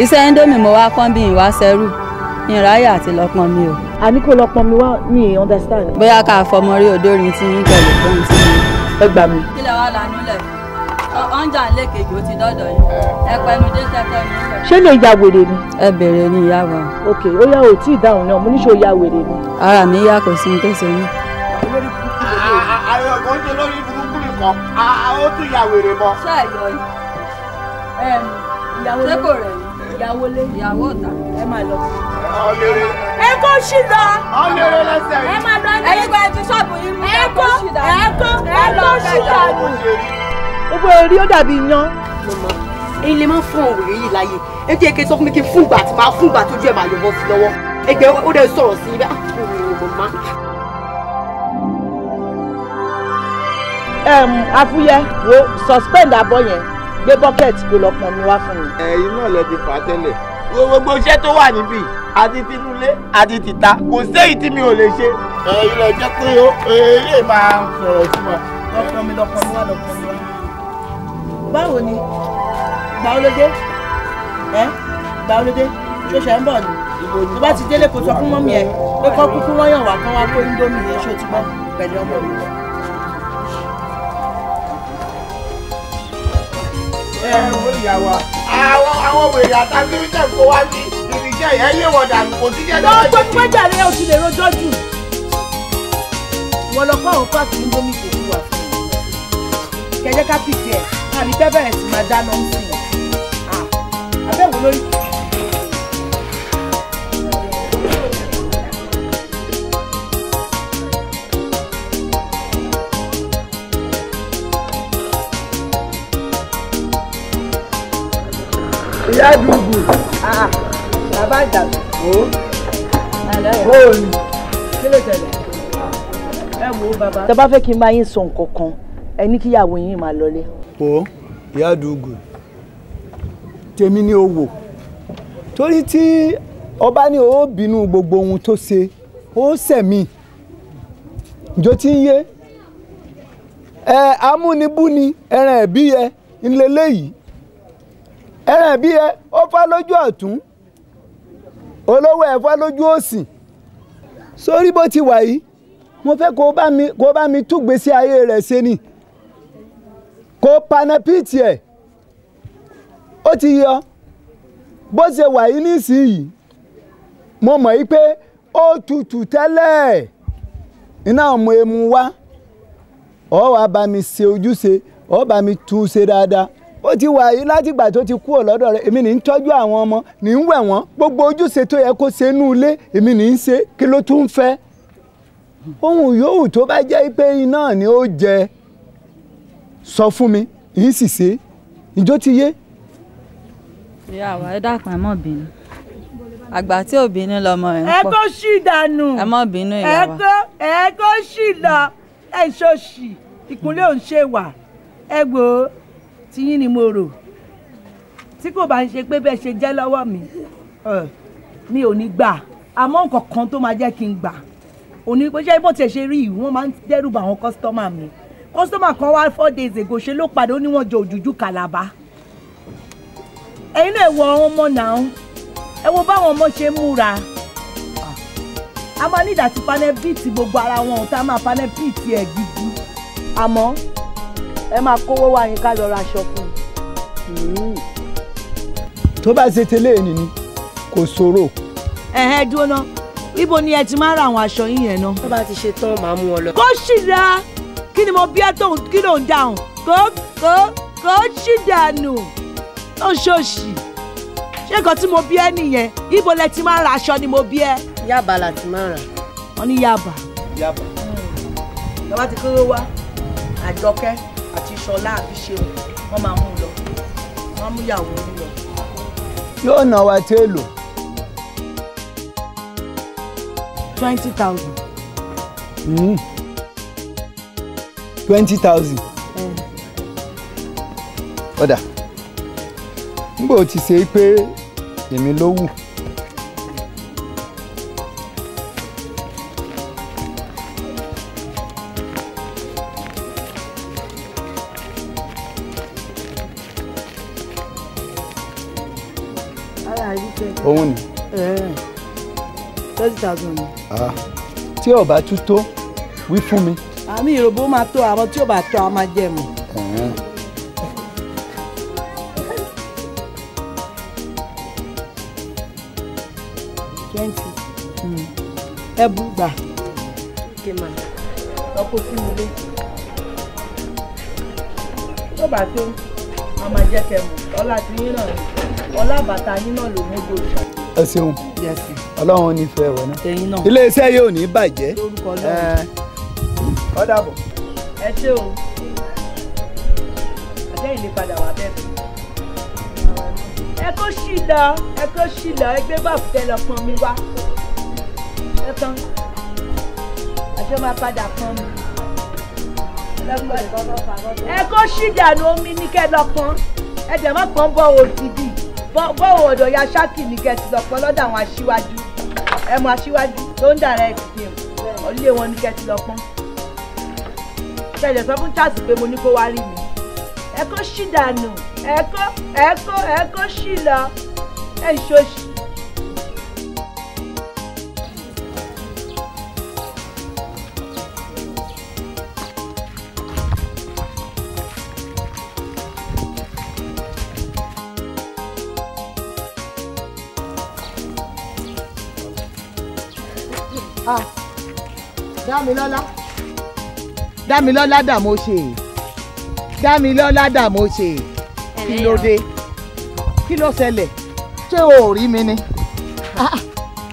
[SPEAKER 4] iṣẹ́ indomie mo wá pọ́n bí n wá sẹ́rù ìráyà àti lọ́pọ̀n mi o. àní kò lọ́pọ̀n mi wá mi ì understand. bóyá ká fọmọ rí odórin tí yín pẹ̀lú fóun tí yín. ẹ gbà mí. kílẹ̀ wá lanú lẹ̀ ọ̀njà lẹ́kẹ̀jì ó ti dọ́dọ̀ yìí ẹ pẹnu dé tẹ́tọ́ mi. ṣé lè ya wèrè ni. ẹ bèrè ni ìyá wa. ok ó yà ò tí ì dáhùn náà mo níṣó ya wèrè ni. ara mi yá kò sí ní tó ṣe mí.
[SPEAKER 3] olórí àwọn ọ̀gá ń ṣe lórí burúkú nìkan ó
[SPEAKER 4] tún ya wèrè mọ́. ṣé ẹ̀yọ́ ìyàwó lé kò rẹ̀ ìyàwó lé ìyàwó ọ̀tá ẹ máa lọ. ọ̀lẹ́rẹ́. ẹ kó ṣì lọ. ọ̀lẹ́rẹ́ lẹ́sẹ̀ yìí. ẹ máa lọ ní. ẹyin kan ti ṣọ́ọ̀bù yìí. ẹ kó ẹ kó ẹ lọ ṣì lọ.
[SPEAKER 3] gbogbo eré ó dàbí yan. èyí lè máa fún òwe yìí láàyè ẹ jẹ́ sọ fún mi kí n fún ìgbà tí máa fún ìgbà tójú ẹ̀ máa yọ̀bọ̀ sí lọ́wọ́ ẹgbẹ́ ó dẹ̀ sọ̀rọ̀ sí i bẹ́ẹ̀ ah, afúyẹ́ wo suspend abọ́ yẹn gbé bucket kó lọ pọn mi wá fún mi. ẹ̀yin náà lẹ ti fà á tẹ́lẹ̀ gbogbo iṣẹ́ tó wà níbí àti tinúlé àti tìta kò séyìí tí mi ò lè ṣe. ẹ̀yin lọ jẹ́ pé ó eré máa ń sọ̀rọ̀ sí wa. lọ́pọ̀ mi lọ́pọ̀ mi wá lọ́pọ̀ mi wá. báwo ni gbàolódé ẹ gbàolódé ṣó ṣe ń bọ̀ ni tó bá ti délé kó sọ fún mọ́mí ẹ pé kọ́ kúkú wọ́n yàn wá
[SPEAKER 5] kán wá kó ń dómi yẹn ṣó ti gbọ́ pẹ̀lú ọmọ mi. ẹ wo ìyàwó àwọn àwọn wèrè àtàkùnrin
[SPEAKER 3] tẹ̀ kó wá sí ìdíjẹ́ ẹ̀ lé wọ̀ dànù kò sí jẹ́ lọ́wọ́ jẹ́ kí. lọ́wọ́ pé pẹ́jàre o ti lè rojọ́ jù wọ́n lọ kọ́ àwọn fáàkì ní gómìnà kò wá kẹjẹ ká pìtì ẹ̀ àbí bẹ́ẹ̀ sí máa dáná ń sìn àbẹ̀wò lórí
[SPEAKER 4] ìyá dùgbù ah, ah. bàbá ìdàgbà bóòlù kí ló tẹ̀lé ẹ wò ó bàbá. tẹ́ bá
[SPEAKER 3] fẹ́ kí n bá yín sọ nǹkan kan ẹ ní kíyàwó yín máa lọlé. o ìyá dùgbù tèmi ni o wò torí tí ọba ní o bínú gbogbo ohun tó ṣe ó sẹ̀mí ìjọ tí ń yé ẹ amúnibúni ẹran ẹ̀bí yẹ ńlẹ́lẹ́yìí ẹran bí ẹ ó fá lójú ọ̀tún olówó ẹ fá lójú òsì sórí bó ti wà yìí mo fẹ́ kó bá mi kó bá mi túgbésí ayé rẹ̀ ṣe ni kó panapíìtì ẹ̀ ó ti yọ bó ṣe wà yìí nísìnyìí mo mọ̀ yìí pé ó tutù tẹ́lẹ̀ iná ọmọ emu wá ó wá bá mi ṣe ojúṣe ó bá mi tún ṣe dáadáa ó ti wà yìí látìgbà tó ti kúrò lọ́dọ̀ rẹ̀ èmi ní ń tọ́jú àwọn ọmọ ní ń wẹ̀ wọ́n gbogbo ojúṣe tó yẹ kó ṣe inú ilé èmi ní ń ṣe kí ló tún fẹ́ ohun yòówù tó bá jẹ́ pé iná ni ó jẹ sọ fún mi yìí sì ṣe ìjó ti yé.
[SPEAKER 4] ìyá wa ẹ dákun ẹ mọ bínú àgbà tí ò bínú lọmọ rẹ ń pọ ẹ kó sì dànù ẹ mọ bínú ìyá wa ẹ kó sì lọ ẹ ṣòṣì ìkúnlẹ̀ òun ṣe wà
[SPEAKER 3] ẹ gbòó tiyín ni mo rò tí kò bá ń ṣe pé bẹ́ẹ̀ ṣe jẹ́ lọ́wọ́ mi mi ò ní gbà àmọ́ nǹkan kan tó máa jẹ́ kí n gbà òní pé ṣé bó tiẹ̀ ṣe rí yìí máa ń dẹ́rù àwọn kọ́sítọ́mà mi kọ́sítọ́mà kan wá four days ago ṣe ló padà ó ní wọ́n jọ òjújú kàlàbà ẹ̀yin náà ẹ àwọn ọmọ náà ẹ wo báwọn ọmọ ṣe múra a máa nídàá ti panẹ́ bíìtì gbogbo ara wọn ò tá a máa panẹ́ bíìtì ẹ̀ gidi àmọ́ ẹ máa kówó wá ní ká lọ ra aṣọ fún un. Hmm. tó bá ṣe tẹ́lẹ̀ ẹni ni kò ṣòro. ẹ̀hẹ́ dúró ná ibo ni ẹ ti máa ń ra àwọn aṣọ yín yẹn ná. tó bá ti ṣe tán màá mú wọn lọ. kó sì ra kí ni mo bí ẹ tóun kí ló ń dáhùn kó kó kó sì dànù ó ṣòṣì ṣé nǹkan tí mo bí ẹ nìyẹn ibo lẹ ti máa ń ra aṣọ ni mo bí ẹ. yaba la ti máa ń rà. ní yaba.
[SPEAKER 2] yaba. lọ́wọ́ ti
[SPEAKER 3] kúrò wá àjọkẹ́ àti ṣọlá àbí ṣeun wọ́n máa mú lọ wọ́n mú ìyàwó mú lọ. yóò ná wa tí èlò. twenty thousand. Hmm. twenty thousand. ọ̀dà nígbà ó ti ṣe é pé èmi ló wù.
[SPEAKER 1] Ah.
[SPEAKER 2] tí ò
[SPEAKER 3] bá tún tó wí fún mi. àmì ìròbó máa tó àwọn tí ò hmm. bá tó a máa jẹ mọ. twenty ẹ bú gbà. ọkọ sí mi lé tó bá tó a máa jẹ́ kẹ́ ọlá tí yín náà ọlá bàtà yín náà ló mú gbòòrò. ẹ ṣeun. yẹ sí i ọlọ́run nífẹ̀ẹ́ wọn náà iléeṣẹ́ yóò ní bàjẹ́ ó dàbọ̀. ẹ ṣé o ọjọ́ ìlépadà wà bẹ́ẹ̀ fún ẹ kó ṣì ẹ kó ṣì lọ ẹ gbé lọ pọn mi wá ẹ tán àjọ máa padà pọn
[SPEAKER 1] mi ẹ kó
[SPEAKER 3] ṣì dànù omi ní kẹ lọ pọn ẹ dẹ̀ mọ́ pọn bọ́ òdìdì bọ́wọ̀ ya ṣáàkì ní kẹ́tì lọ́pọ̀ lọ́dọ̀ àwọn aṣíwájú ẹ mọ aṣíwájú tó ń dàrẹ ìpínlẹ̀ ọlẹ wọn ní kẹtì lọ pọn ṣẹlẹ̀ sọ fún Charles pé mo ní kó wá rí mi ẹ kó ṣì dànù ẹ kó ẹ kó ẹ kó ṣì lọ ẹ ṣòṣì. Ah. dámilọ́lá dámilọ́lá dàmóṣe dámilọ́lá dàmóṣe kí ló dé kí ló ṣẹlẹ̀ ṣé o ò rí mi ni ah, ah.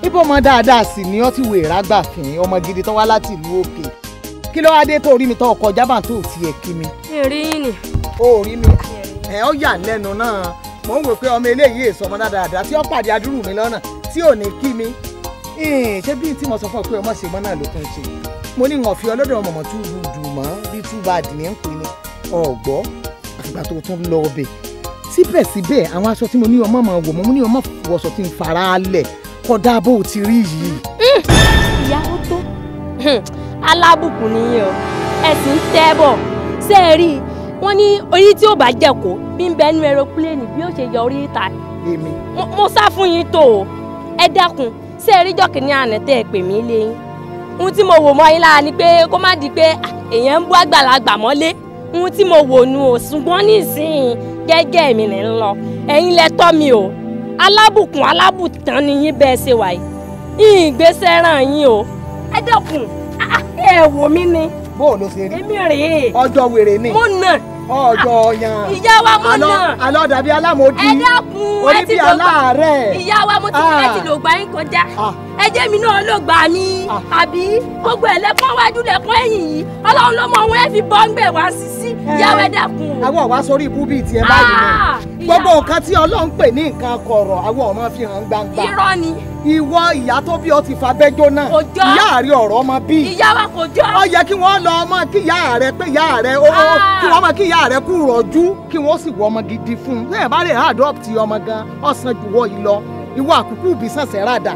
[SPEAKER 3] ibo ọmọ dáadáa sì ni wọ́n ti wèrà gbà fún ọmọ gidi tó wá láti ìlú òkè kí ló wá dé tó rí mi tó ọkọ̀ jábà tó tiẹ̀ kí mi. mi ò rí yín ni. o ò rí mi ẹ ọ yà lẹ́nu náà mò ń wò pé ọmọ eléyìí èso ọmọ dáadáa tí ó pàdé adúrú mi lọ́nà tí ò ní kí mi Eh, ṣé bí tí mo sọ fún ọ pé ọmọ ṣe mọ́ náà ló tún ṣe mo ní wọn fi ọlọ́dọ̀ mọ̀mọ́ tún dùn mọ́ bí tún bá dì ní pè ní ọ̀gbọ́ àgbà tó tún lọ ọbẹ̀ síbẹ̀síbẹ̀ àwọn aṣọ tí mo ní ọmọ máa wọ̀ mo ní ọmọ wọ̀ṣọ tí ń fara lẹ̀ kódà bó o ti rí yìí. Hmm. ìyá ó tó hmm. alábùkún nìyí o ẹ̀sìn tẹ́ bọ̀ ṣé ẹ rí i wọ́n ní orí tí ò bá jẹ̀kó bí ń bẹ nínú ẹrọpílẹ̀nì bí ó ṣe yọ orí ìta. èmi. mo sá fún yín tó o ẹ dákun ṣé ẹ rí jọ́kì ní àná tẹ́ ẹ pè mí lé yín ohun tí mo wò mọ́ yín lára ni pé kó má di pé ah, èèyàn ń bú àgbàlagbà mọ́lé ohun tí mo wò nu ò ṣùgbọ́n nísìnyí gẹ́gẹ́ mi ní ń lọ ẹ̀yin lẹ tọ́ mi o alábùkún alábùtán ni yín bẹ́ẹ̀ ṣe wà yìí ìgbésẹ̀ ràn yín o ẹ dẹ́kun ah, ah, ẹ wò mí ni. bó o ló ṣe rí ọjọ́ wèrè ni. mo nà ọjọ yan. ìyá wa mo nà. alọ dàbí alámòdì. ẹ dákun ẹ ti lògbà. orí bí aláàárẹ̀. ìyá wa mo ti fẹ́ ah. ti lògbà yín kọjá. Ah ẹjẹ́ mi náà ló gbà mí ah. àbí gbogbo ẹ̀lẹ́kùn wájú lẹ́kùn ẹ̀yìn yìí ọlọ́run ló mọ wọn ẹ̀ fi bọ́ńgbẹ̀ wá sí sí eh. yàwẹ́ dàkún. àwọn ọ̀wá sórí ibú bíi tiẹ̀ báyìí náà ah, gbogbo nǹkan tí ọlọ́run pè ní nǹkan kọ̀rọ̀ àwọn ọmọ fi hàn gbangba. irọ́ ni. ìwọ ìyá tó bí ọ ti fa bẹ́jọ́ náà. kò jọ ìyá rẹ ọ̀rọ̀ ọmọ bí. ìyá wa kò jọ. ó yẹ kí wọ́n lọ ọmọ kí ìyá rẹ pé ìyá rẹ ó ah. kí wọ́n mọ kí ìyá rẹ kú rọ̀jú kí wọ́n sì wọ ọmọ gidi fún un. bẹ́ẹ̀ bá lè adopt ọmọ gan ọ̀sán ju wọ́ yìí lọ ìwọ àkùkù bí sàṣẹ́ ràdà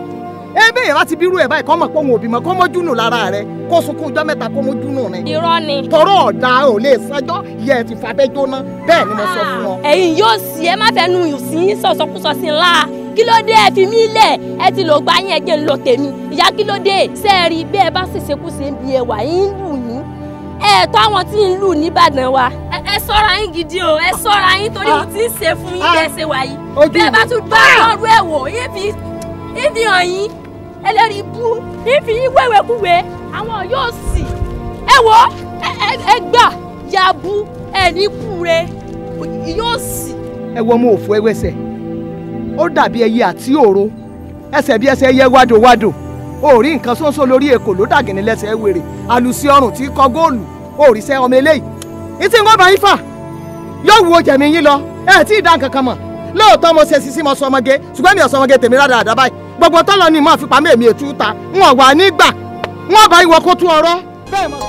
[SPEAKER 3] ebe yẹn láti bírú ẹ̀ báyìí kọ́ mọ̀ pé òun òbí mọ̀ kọ́ mọ́ júnù lára rẹ kó sunkún ọjọ́ mẹ́ta kó mọ́ júnù rẹ. irọ́ ni. tọrọ ọ̀dà ò lè sanjọ́ yẹ ẹ ti fà bẹ́ jóná bẹ́ẹ̀ ni mo sọ fún ọ. Ah, ẹ̀yin yóò sí ẹ má fẹ́nu sí sọ̀sọ̀kúsọ sí ńlá kí ló dé ẹ fi mí lẹ̀ ẹ ti lò gbá yín ẹ jẹ́ ń lọ tèmi ìyá kí ló dé sẹ́ẹ̀rì bí ẹ bá ṣèṣekúṣe ń bi ẹwà yín lù yín ẹ tọ́ àwọn tí ń lù nìbàdàn wa. ẹ sọ́ra yín gidi o ẹ sọ́ra yín torí mo ah, ti ń ṣe fún yín bẹ́ẹ̀ ah, ṣe wà yìí
[SPEAKER 1] bẹ́ẹ̀ bá tún bá ọ̀rọ̀ ẹ̀ wò
[SPEAKER 4] yín
[SPEAKER 3] fi hàn yín ẹlẹ́rìí bú ìfi yín wẹ́wẹ́kúwẹ́ àwọn yóò sì ẹ wọ ẹ gbà ya bú ẹni kú rẹ yóò sì. ẹ wọ ọmọ òfò ẹwẹsẹ ó dàbí ẹyẹ àti òro ẹsẹ̀ bí ẹsẹ̀ ẹyẹ wádowádo òrí nǹkan ṣoṣo lórí èkó ló dàgẹ̀ni lẹ́sẹ̀ wèrè àlùsí ọrùn tí kọ góòlù òrìṣẹ́ ọmọ eléyìí ìtì wọn bá yín fà yóò wo jẹ̀mí yín lọ ẹ̀ tí ì dá nǹkan kan mọ̀ lóòótọ́ mo ṣe sisi mo sọ ọmọge ṣùgbọ́n mi ò sọ ọmọge tèmi rárá àdá báyìí gbogbo tọ́lọ ni mo fi pamọ́ èmi ètú ta wọn wà nígbà wọn bá ìwọ kó tú ọ̀rọ̀ bẹ́ẹ̀ mọ́.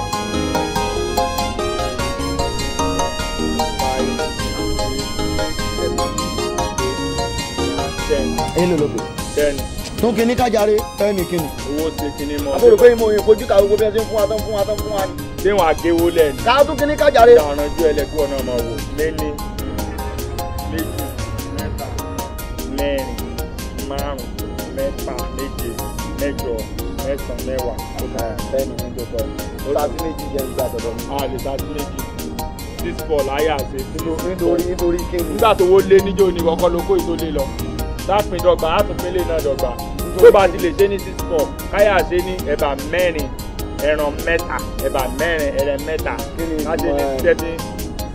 [SPEAKER 5] èyí ló ló pè. tún kinní kájàre ẹnì kinní.
[SPEAKER 3] owó ti kinní mọ. àbúrò pé ìmọ̀ òye fojú ka gbogbo bí wọ́n ti ń fún wa tán fún wa tán fún wa.
[SPEAKER 5] ṣé wọn àgéwò lẹ́nu. ká tún kinní kájàre. ìdàrán ju ẹlẹgbẹ́ ọ̀nà ọmọ wò méní méjì
[SPEAKER 3] mẹ́ta mẹ́rin márùn-ún mẹ́fà méje mẹ́jọ mẹ́sàn-án mẹ́wàá tó tayà bẹ́ẹ̀ni wọ́n tó sọ. sáàtì méjì jẹ́ ìgbà àtọ̀dọ̀ mi. a lè sáàtì méjì six ball ayé àṣẹ. nítorí nítorí kéwì. nígbà tó wó lé níjó ni kọ́kọ́ lóko yìí tó lé lọ. sáàpin dọ́gba àtúnpélé náà dọ́gba. tó bá ti lè ṣe ní six ball káyà ṣe ní ẹ̀bà mẹ́rin ẹran mẹ́ta ẹ̀bà mẹ́rin ẹ̀rẹ̀ mẹ́ta. káṣe ní seven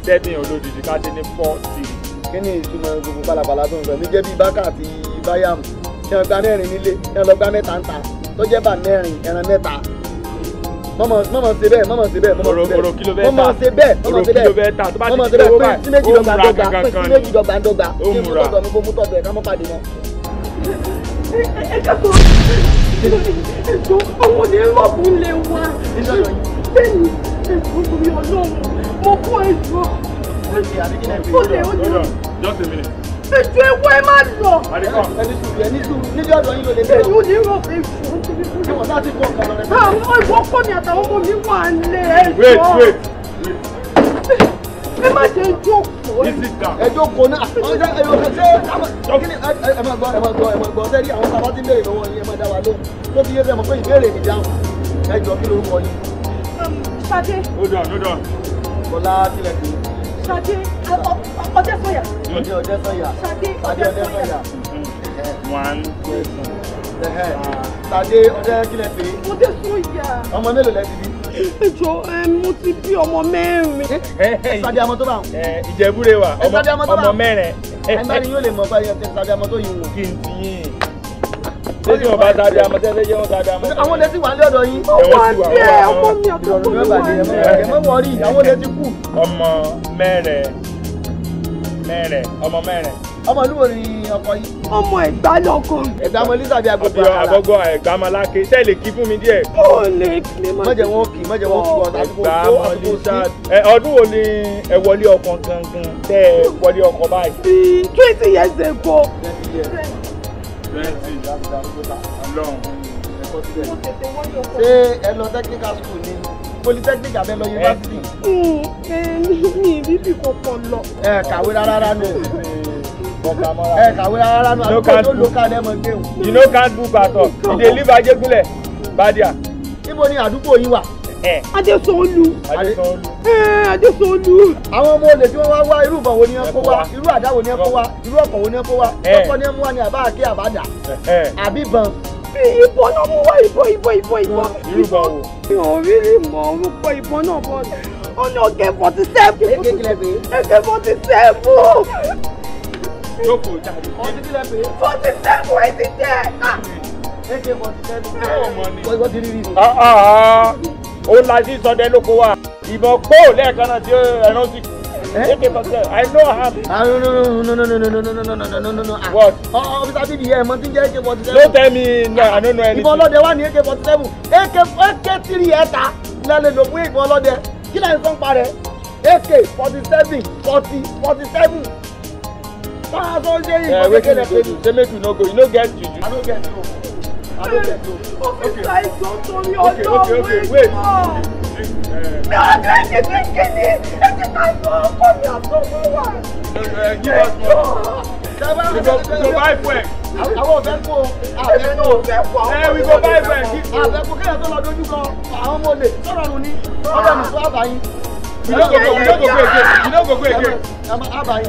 [SPEAKER 3] seven olódìdí káṣe ní four three. kí ni ìtumọ̀ gbogbo balabala tó ń sọ níjẹ́ bí bákà àti báyàmù ẹran gba mẹ́rin nílé ẹran lọ gba mẹ́ta ń tó jẹ́ bà mẹ́rin ẹran mẹ́ta mọ̀mọ̀ ṣe bẹ́ẹ̀ mọ̀mọ̀ ṣe bẹ́ẹ̀ mọ̀mọ̀ ṣe bẹ́ẹ̀ mọ̀mọ̀ ṣe bẹ́ẹ̀ mọ̀mọ̀ ṣe bẹ́ẹ̀ pé tí méjì dọ́gba dọ́gba pé tí méjì dọ́gba dọ́gba kí mú tọ̀dọ̀ mi kó mú tọ̀dọ̀ ẹ̀ ká mọ́ pàdé mọ́. ẹ kẹ́kọ̀ọ́ ẹ̀gbọ́n ọmọ ní rọ́ọ̀bù lè wá bẹ́ẹ̀ni ẹ̀gbọ́n mi ọlọ́run mo kọ́ ẹ̀gbọ́n ó lè ó lè. just a minute fi ju ewé ẹ máa lọ. ẹni tù nílé fi fún ti àwọn ìwọ kọ́ mi àtàwọn ọmọ mi wà lé ẹjọ́. ẹ má ṣe jókòó. ẹ jókòó náà ọjọ́ ẹ yóò ṣe ẹ máa gbọ́ ẹ máa gbọ́ ẹ máa gbọ́ sẹ́rí àwọn sábà ti ń béèrè lọ́wọ́ yín ẹ máa dá wa lóhùn tó fi yé fẹ́ mọ̀ pé ìbéèrè mi dáhùn ẹ kí lórúkọ yín. Um, Ṣadé. ó dà ó dà. Bọ́lá tilẹ̀ kìí. Ṣadé Ọdẹ́sọ̀yà. Ṣadé Ọdẹ́sọ̀yà. Ṣadé Ọdẹ́sọ̀yà. One question. Ṣadé Ọdẹ́ kílẹ̀ pé. Ọdẹ́sọ̀yà. Ọmọ mélòó lẹ ti bí? Ẹjọ́ mo ti bí ọmọ mẹ́rin. Ṣadé ọmọ tó bá wọn. Ìjẹ̀bú rẹwà ọmọ mẹ́rin. Ẹ bá yóò lè mọ̀ báyọ̀ ṣadé ọmọ tó yìí wò. Kí n ti yín lẹ́yìn ọba dáadé amọ̀tẹ́ lẹ́yìn ọba dáadé amọ̀tẹ́. àwọn olè ti wà ní ọ̀dọ̀ yín. ọwọ́ ti wà ní ọmọ mi ọ̀dọ̀ mi ọ̀dọ̀ mi ọ̀dọ̀ mi wọ̀rí àwọn olè ti kú. ọmọ mẹ́rẹ̀ mẹ́rẹ̀ ọmọ mẹ́rẹ̀. ọmọ olúwo ni ọkọ yìí. ọmọ ẹgbà lọkọ. ẹgbà ọmọ elisa bíi agogo àkàlà. àbí àgọ́gọ́ ẹgbà ọmọláke tẹ́ lè kí fún mi díẹ̀. ó lè kí mọ́. mọ́jẹ̀ wọn kì í mọ́jẹ̀ wọn kú ọ̀tà àdúgbò tó àdúgbò sí. ọdún wo ni ẹ wọlé ọkàn gangan tẹ́ ẹ wọlé ọkàn báyìí. bíi twenty years ago. twenty years twenty ọlọ́run. ẹ lọ technical school ni polytechnic abẹ lọ yunifásitì.
[SPEAKER 1] ẹ ní ìbíbí kọ̀ọ̀kan
[SPEAKER 5] lọ. ẹ kàwé rárá nù. ẹ kàwé rárá nù àdúgbò tó lókà lẹ́mọ̀ gbé wù. you no can't book at all. ìdè liver jégúnlẹ̀ bàdíà.
[SPEAKER 3] níbo ni àdúgbò yìí wà. Adéṣọ́lú. Adéṣọ́lú.
[SPEAKER 5] Adéṣọ́lú. Àwọn ọmọ olè tí wọ́n
[SPEAKER 3] wá wá irú ìbọn wo ni wọ́n kó wá, irú àdá wo ni wọ́n kó wá, irú ọkọ̀ wo ni wọ́n kó wá, eh. ọkọ̀ ni wọ́n mú wá ni àbá àké àbádà, eh. àbí ìbọn. Bí ìbọn náà mú wá ìbọn ìbọn ìbọn ìbọn. Irú ìbọn wo? Mi ò rí rí mọ̀ orúkọ ìbọn náà bọ̀. Ó ní ọ̀kẹ́ forty seven. Ẹ̀kẹ́ forty seven. Jókòó jáde. Forty seven ẹ̀ AK-47. Wọ́n ti rí rí.
[SPEAKER 5] Ó lajú sọdẹ lóko wa. Ìbọn pọ̀ lẹ́ẹ̀kan náà tí ẹran sì kú. Eh? AK Patel, I know how. Ah, no, no, no, no, no, no, no, no, no, no, no, no, no, no, no. What? Oh, Mr. Bidi, yeah,
[SPEAKER 3] mo tin jẹ́ AK Patel. Don't tell me, no, I don't know anything. Ìbọn ọlọ́dẹ wà ní AK Patel. AK AK three ẹ̀ta lálẹ́ ló pín ìbọn ọlọ́dẹ. Kí lẹ́yìn sọ́n parẹ́? AK forty seven forty forty seven. Báwo ṣe ń ṣe ìbọn kékeré pẹ̀lú? Ṣé make you no go? You no get juju. I no get juju.
[SPEAKER 2] Officer Iso torí
[SPEAKER 1] ọjọ́
[SPEAKER 3] wait.
[SPEAKER 2] Mi ò gbé ẹ̀jẹ̀ tí ń kéde, ẹ̀jẹ̀ ká sọ ọkọ mi àtọmọ wà.
[SPEAKER 1] We go buy fuel. Àwọn ọ̀fẹ́ kó àfẹ́ kó
[SPEAKER 3] ọ̀fẹ́ kó àwọn ọ̀fẹ́. we go buy fuel. Àfẹ́ kó kéèyàn tó lọ dojú kan àwọn ọmọ olè sọ̀rọ̀ nù ní. Ọ̀dọ̀ mi sọ àbáyé you don't go go you don't go go again you no go go again. abayi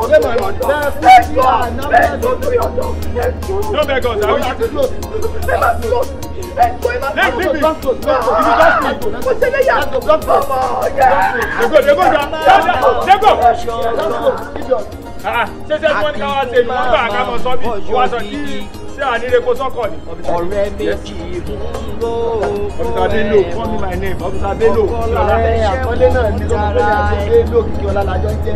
[SPEAKER 3] ọbẹ ma lọ dẹ fún mi à nàbẹ
[SPEAKER 1] lọ. no beg us abi. let's leave it if you just leave.
[SPEAKER 5] dey
[SPEAKER 2] go Let's go ja dey go. Ah, ah. ṣé ṣé tí wọ́n ní ká wá ṣe ìlú wọ́n gbà ká mọ̀ sọ́bì wọ́n sọ yìí ṣé àníreko sọ́kọ̀ ni. ọ̀rẹ́ méjì mú ọ̀rẹ́
[SPEAKER 5] bello call
[SPEAKER 3] me my name ọ̀rẹ́ bello ọ̀rẹ́ àkọlé náà ní lọ́mọ tó yà sí bello kìkì ọ̀la làjọ jẹ́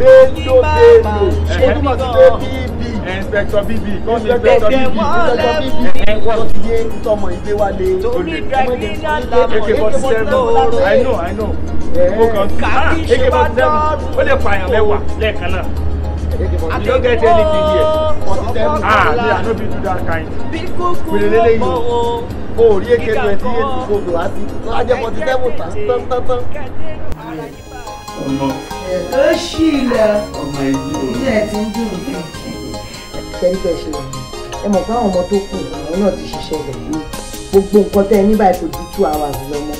[SPEAKER 3] bello bello ṣé túmọ̀ sí pé bíbí. inspector bíbí call me inspector bíbí inspector bíbí ẹ̀wọ̀n ti yé tọmọ ìgbé wálé olè ọmọdé
[SPEAKER 1] AK forty seven I know I know mo kàn sí AK ah, forty seven ó lè
[SPEAKER 2] pààyàn mẹ́wàá lẹ́ẹ̀kan náà. You don't get anything here.
[SPEAKER 1] Ah, me, I no
[SPEAKER 3] be do that kind. We Wèrèlélé yìí. O rí èké twenty eight fòdò àti
[SPEAKER 2] lájẹ́ forty seven tán tán
[SPEAKER 3] tán. Ọmọ. Ó ṣì lọ.
[SPEAKER 1] Ọmọ ìlú. Iṣẹ́
[SPEAKER 3] ti ń dùn fún ṣẹ́rí fẹ́ ṣe ẹ mọ̀ pé àwọn ọmọ tó kù àwọn náà ti ṣiṣẹ́ rẹ̀ gbogbo nǹkan tẹ́ ẹ ní báyìí kò ju two hours lọ mọ́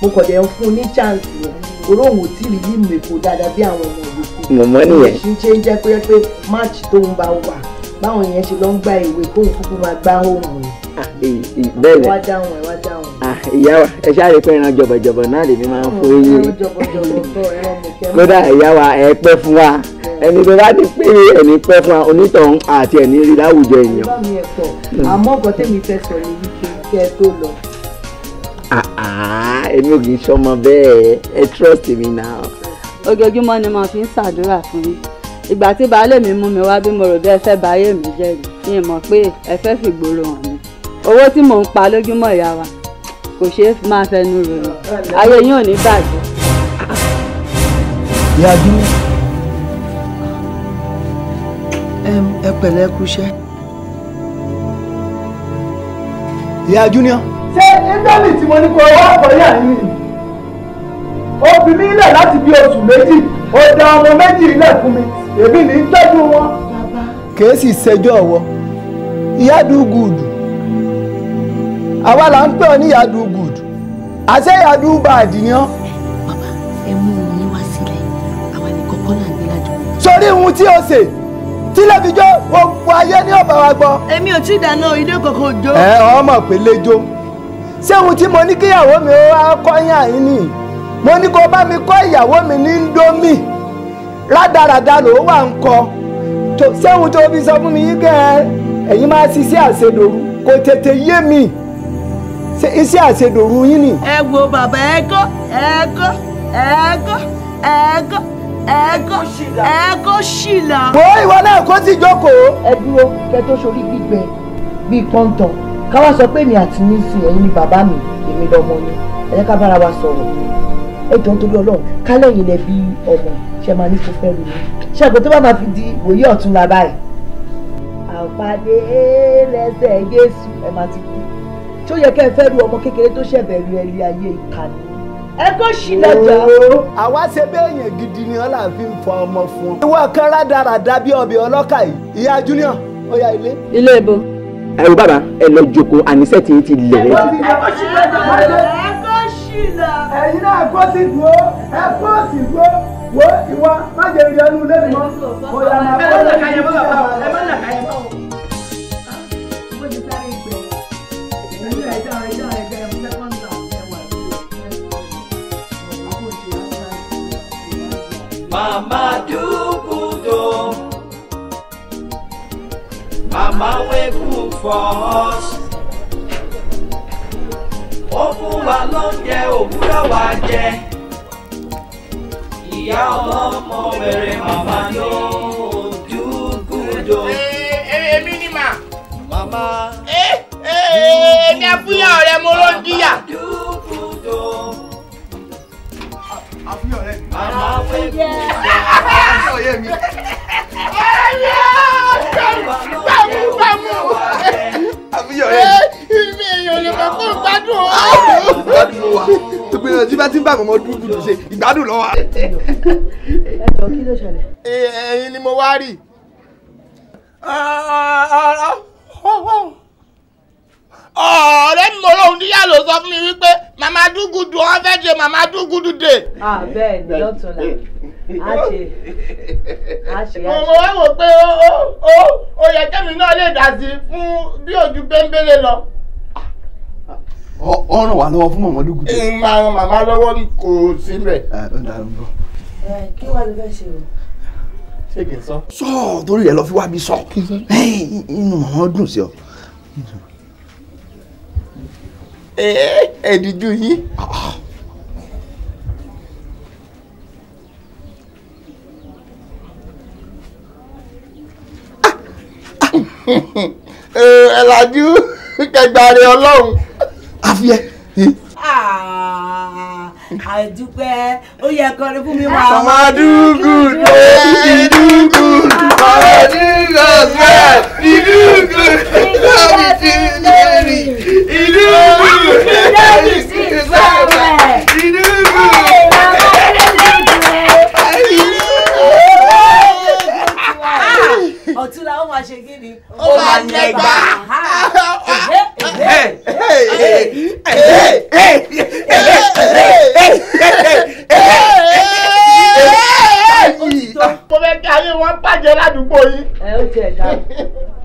[SPEAKER 3] mo kọ̀ dẹ̀ ń fún un ní chance rẹ̀ òróǹwò tí ìrírí mi kò dáadáa bí àwọn ọmọ rẹ̀
[SPEAKER 1] mọ̀mọ́ nìyẹn. kì
[SPEAKER 3] í ṣe ń jẹ́ pé pé match tó ń bá wà báwọn yẹn ṣe lọ ń gba ìwé kóhùn kúkú máa gbá òun rẹ̀. Ah, bẹ́ẹ̀ ni wá dáhùn ẹ̀ wá dáhùn. Ah, ìyá wa ẹ ṣáà rí pé ìran jọ̀bọ̀jọ̀bọ̀ náà lèmi máa ń fún yín. kódà ìyá wa ẹ pẹ́ fún wa ẹni tó bá ti pé ẹni pẹ́ fún wa onítọ̀hún àti ẹni rí láwùjọ èèyàn.
[SPEAKER 4] Hmm. àmọ́ ọ̀gọ́ tèmi fẹ́ sọ ni wípé kẹ́ ẹ tó lọ.
[SPEAKER 3] Ah, èmi ò kì í ṣọmọ bẹ́ẹ̀ ẹ trust me now
[SPEAKER 4] ojoojúmọ́ ni mo fi ń ṣàdúrà fún yín ìgbà tí baálé mi mú mi wá bí mo rò bí ẹ fẹ́ báyé mi jẹ́ rí ni mọ̀ pé ẹ fẹ́ fìgboro hàn mí owó tí mò ń pa lójúmọ́ ìyá wa kò ṣeé máa fẹnu ròyìn ayé yín ò ní bàjẹ́. ìyá dúró ẹ pẹ̀lẹ́ kúṣẹ́.
[SPEAKER 3] ìyá junior. ṣé indomie tí mo ní kó o wá pọ̀ yà nínú yìí ó fi mí lẹ̀ láti bí oṣù méjì ó da ọmọ méjì ilẹ̀ fún mi èmi ní tọ́jú wọn. kèésì ṣẹjọ́ ọ̀wọ́ ìyáàdù gùdù àwa là ń pè ọ́ ní ìyáàdù gùdù àṣẹ ìyáàdù bá àdìyàn. bàbá ẹ mú un yín wá sílẹ̀ àwa ní kọ́kọ́ náà ní lájọ. sórí ohun tí o ṣe tílẹ̀ fi jó gbogbo ayé ní ọ̀bà wa gbọ́. èmi ò tí ì dáná ilé kòkó jó. ẹ ọmọ pélé jó ṣé ohun tí mo ní kíyàwó mi ó wá kọ́yìn àyín nìyí mo ní kó bá mi kọ́ ìyàwó mi ní ndómì rádaràda ló wà ń kọ sẹ́hun tó fi sọ fún mi yí kẹ́ ẹ̀yin máa ṣiṣẹ́ àṣedòru kò tètè yé mi ṣe iṣẹ́ àṣedòru yín ni. ẹ wo bàbá ẹ kọ́ ẹ kọ́ ẹ kọ́ ẹ kọ́ ẹ̀ẹ́kọ́ ṣìlà. wo ìwọ náà kó sì jókòó. ẹ dúró kẹ tó sórí gbígbẹ bíi pọ́ńtọ̀ ká wá sọ pé èmi àti nísìn ẹ̀yin ni bàbá mi èmi lọmọ ni ẹ jẹ́ ká bára wa sọ̀rọ̀ ẹ jọ nítorí Ọlọ́run yìí lẹ bí ọmọ ṣe máa ní kó lu mi ṣàgbọ́n tó bá máa fi di wòye ọ̀tún la báyìí. àpàdé lẹ́sẹ̀ Jésù ẹ máa ti kú tí ó yẹ kẹ́ ẹ fẹ́ lu ọmọ kékeré tó ṣẹ̀ bẹ̀rù ẹ ayé ìkànnì ẹ kó sí lọjà. àwa ṣe bẹ́ẹ̀ yẹn gidi ni wọ́n là ń fọ ọmọ fún ọ. ìwọ kan rádaràda bí ọbẹ̀ ọlọ́kà yìí ìyá junior ó yá ilé. ilé ibo. ẹ bàbá ẹ lọ jókòó àníṣe tí ń ti
[SPEAKER 1] lẹ̀
[SPEAKER 5] ẹ̀yin
[SPEAKER 3] náà kó sí gbó ẹ kó sí gbó wo ìwọ má jẹ ìrìn ẹnu lẹ́nu mọ́ mo yà máa kọ́ ọ́ lẹ́yìn tí a máa
[SPEAKER 2] Mama Dubudo Mama ó fún wa lóúnjẹ òwúrọ̀ wa jẹ ìyá ọlọ́mọ bẹ̀rẹ̀ màmá lójú gúdò.
[SPEAKER 3] èmi ni mà.
[SPEAKER 5] màmá. èmi àfúyà ọ̀rẹ́ mo ló ń jìyà. yeah. ọ̀rẹ́ mi. màmá wẹ́ẹ́ àfúyà ọ̀rẹ́ mi.
[SPEAKER 1] ẹ̀yẹ́ ọ̀sán gbàmú gbàmú àbíyọ̀ rẹ. ibi èèyàn eh, lè mọ̀ kó gbádùn o. gbádùn
[SPEAKER 3] o wa tóbi náà tí bá ti ń bá àwọn ọmọ dúdú ṣe ìgbádùn lọ wa. ẹ jọ kí ló ṣẹlẹ̀. ẹyin ni mo wá rí.
[SPEAKER 5] ọ̀rẹ́ mi olóhùn níyà ló sọ fún mi wípé màmá dúgùdù wọn fẹ́ ṣe màmá dúgùdù dè. Ah, bẹ́ẹ̀ ni lọ́tún la mo wá wò pé ó yẹ kẹ́mi náà lè dà sí fún bí ojú péńbélé lọ
[SPEAKER 3] ọ ràn wá lọ́wọ́ fún màmá lókùtù. ẹ máa ran màmá lọ́wọ́ ní kò síbẹ̀. ẹ ń darun bọ.
[SPEAKER 4] ẹ kí wàá ló fẹ́ ṣe o.
[SPEAKER 3] ṣé kì í sọ. sọ torí ẹ lọ fi wá mi sọ inú màmá dùn sí ọ. ẹ̀ẹ́dìjú yín. Ah, ah. Eh, ẹ̀làjú kẹgbàre ọlọ́run. àfiyẹ. Ah, àdúpẹ́ ó yẹ kọrin fún mi máa. sàmádùúgù
[SPEAKER 1] ló ìdúgù sàmádùúgù ṣe ìdúgù lórí ti lórí ìdúgù lórí ti sọ̀rọ̀. ọ̀tún la ó máa ṣe kí ni. ó máa nẹgbà.
[SPEAKER 5] mo
[SPEAKER 3] fẹ́ kí ayé wọn bàjẹ́ ládùúgbò yìí. ẹ ó tiẹ̀ dá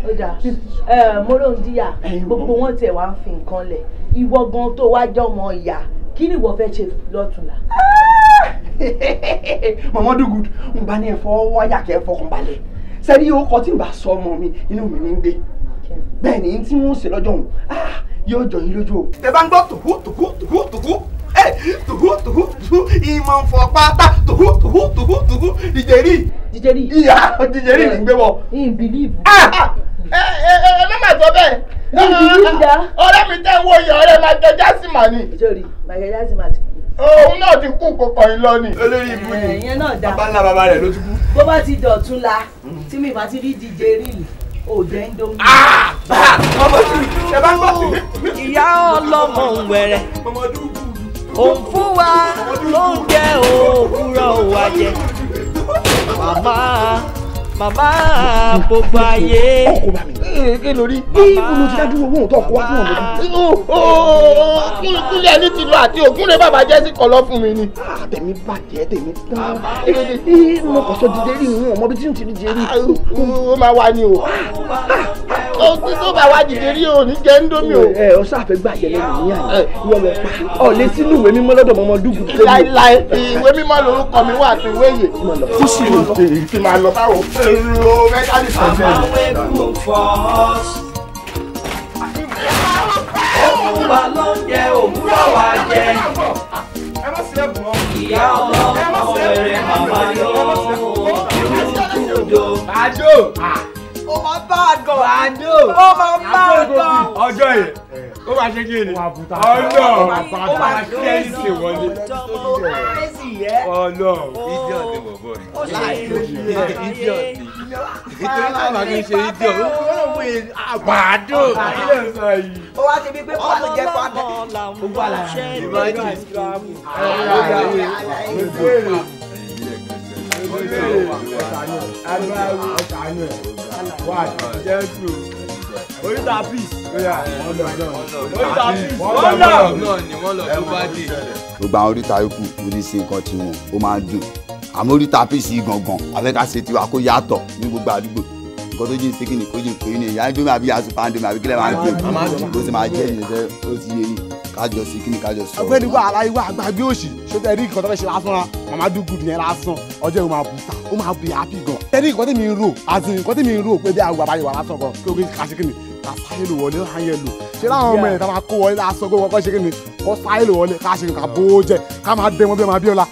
[SPEAKER 3] ó dá mo ló ń díyà gbogbo wọn tiẹ̀ wá ń fi nǹkan lẹ̀ ìwọ gan tó wá jọmọ ìyá kí ni ìwọ fẹ́ ṣe lọ́tùnla mọ̀mọ́dúgùd ń bá ní ẹ̀fọ́ wáyà kẹ́ ẹ̀fọ́ kan balẹ̀ sẹ́rí orúkọ tí n bá sọ ọmọ mi inú mi ní gbé bẹ́ẹ̀ ni tí wọ́n ṣe lọ́jọ́ òun ah, yóò jọ yín lójú o. tẹ bá ń gbọ́ tùkú tùkú tùkú tùkú
[SPEAKER 5] ẹ tùkú tùkú tùkú ìmọ̀ nfọ̀ pátá tùkú tùkú tùkú tùkú dìjẹ́rì. dìjẹ́rì. ìyá dìjẹ́rì ní gbé wọ.
[SPEAKER 3] in believe. ẹ ẹ ẹ mẹ́mà sọ bẹ́ẹ̀. in believe da. ọ̀rẹ́ mi tẹ́ ń wo ìyá ọ̀rẹ́ máa jẹ jásìmà ni. dìjẹ́rì máa jẹ jásìmà ti òun náà ti kú kókó yín lọ́nìí. olórí ibu ni bàbá ńlá bàbá rẹ̀ ló ti kú. bó bá ti dọ̀tún la tí mi bá ti rí díje ríìlì òde ń dómi. Ah!
[SPEAKER 2] ìyá ọlọ́mọ ń wẹ̀rẹ̀ òun fún
[SPEAKER 1] wa ló
[SPEAKER 2] ń jẹ òwúrọ̀ wájẹ màmá màmá gbogbo ayé. ọkọ bá mi ké lórí
[SPEAKER 3] ibùdó ti dájú owó tó ọkọ fún ọmọdé. kúlẹ̀ ní tìlú àti ògúnrẹ́ bàbá jẹ́ sí kọ̀lọ́ fún mi ni. Ah, tèmi bàjẹ́ tèmi tán eh, eh, mo kọ̀ sọ dídé rí ìhun ọmọ bí tí n ti rí jẹ rí. ó máa wá ni o ah, ó ti tó bá wá dìde rí òní jẹ́ ń dómi o. ẹ eh, ọ sáfẹ́ gbàjẹ́ lẹ́nu ní àná ìwọ pa ọ lé sínú ìwé mímọ́ lọ́dọ̀ mọ́mọ́ dúgù ẹ̀rù o mẹ́ta ní sọ̀tẹ́. mama wey
[SPEAKER 2] cook for us. òun wa ló ń jẹ òwúrọ̀ wa jẹ. ìyá ọlọ́mọ rẹ̀ màmá yóò kúndò. àjò ó máa bá àgọ̀ ó máa bá àgọ̀
[SPEAKER 5] ọjọ́ yìí ó máa ṣe kí ni ọlọ́ ó máa ṣe é ṣe wọlé ọlọ́ idiot ni bọ̀bọ̀ idiot ni nítorí táwọn àgbẹ̀ ń ṣe idiot ó ló ń pè é
[SPEAKER 2] àgbàdo
[SPEAKER 3] ó wá ti bí pé pàtó jẹ pàtó gbogbo àlàyé ìmọ̀ ẹ̀jẹ̀
[SPEAKER 2] ìsìlámù ọ̀rọ̀ ìyàwó ìbéèrè
[SPEAKER 5] oríta peace oríta peace wọ́n lọ. náà ni wọ́n lọ tó bá dé. gbogbo àwọn oríta yòókù oníṣe nǹkan tí wọn ó máa ń dùn àmọ́ oríta peace yìí gangan afẹ́kàṣe tiwa kó yàtọ̀ ní gbogbo àdúgbò nǹkan tó jẹ́ ìṣèkìní kó jẹ́ ìpè ní ìyá ń dómi àbí àsùpá
[SPEAKER 3] ń dómi àbí kílẹ̀ máa ń gbé kó sì máa jẹ́ ìyẹn tó ti yé yìí kájọ sí kí ni kájọ sọ. ọ̀gbẹ́ni wa aláyé wa àgbàgbé òsì ṣé tẹ rí nǹkan tó fẹ́ ṣe lásán ra màmá dúkú yẹn lásán ọjọ́ ìwọ̀n àbùtà ó máa bì á bì gan. tẹ rí nǹkan tí mi ń rò àti nǹkan tí mi ń rò pé bí àwọn àbáyọ wà lásán kan kí o kí ká ṣe kí ni ká sáyé lò wọlé á yẹ lò ṣé láwọn ọmọ yẹn tá máa kó wọlé lásán kó wọ́n kọ́ ṣe kí ni
[SPEAKER 5] kó sáyé lò wọlé ká
[SPEAKER 3] ṣe kí ká bó jẹ ká máa dẹ wọn bí ọmọ abíọ́lá.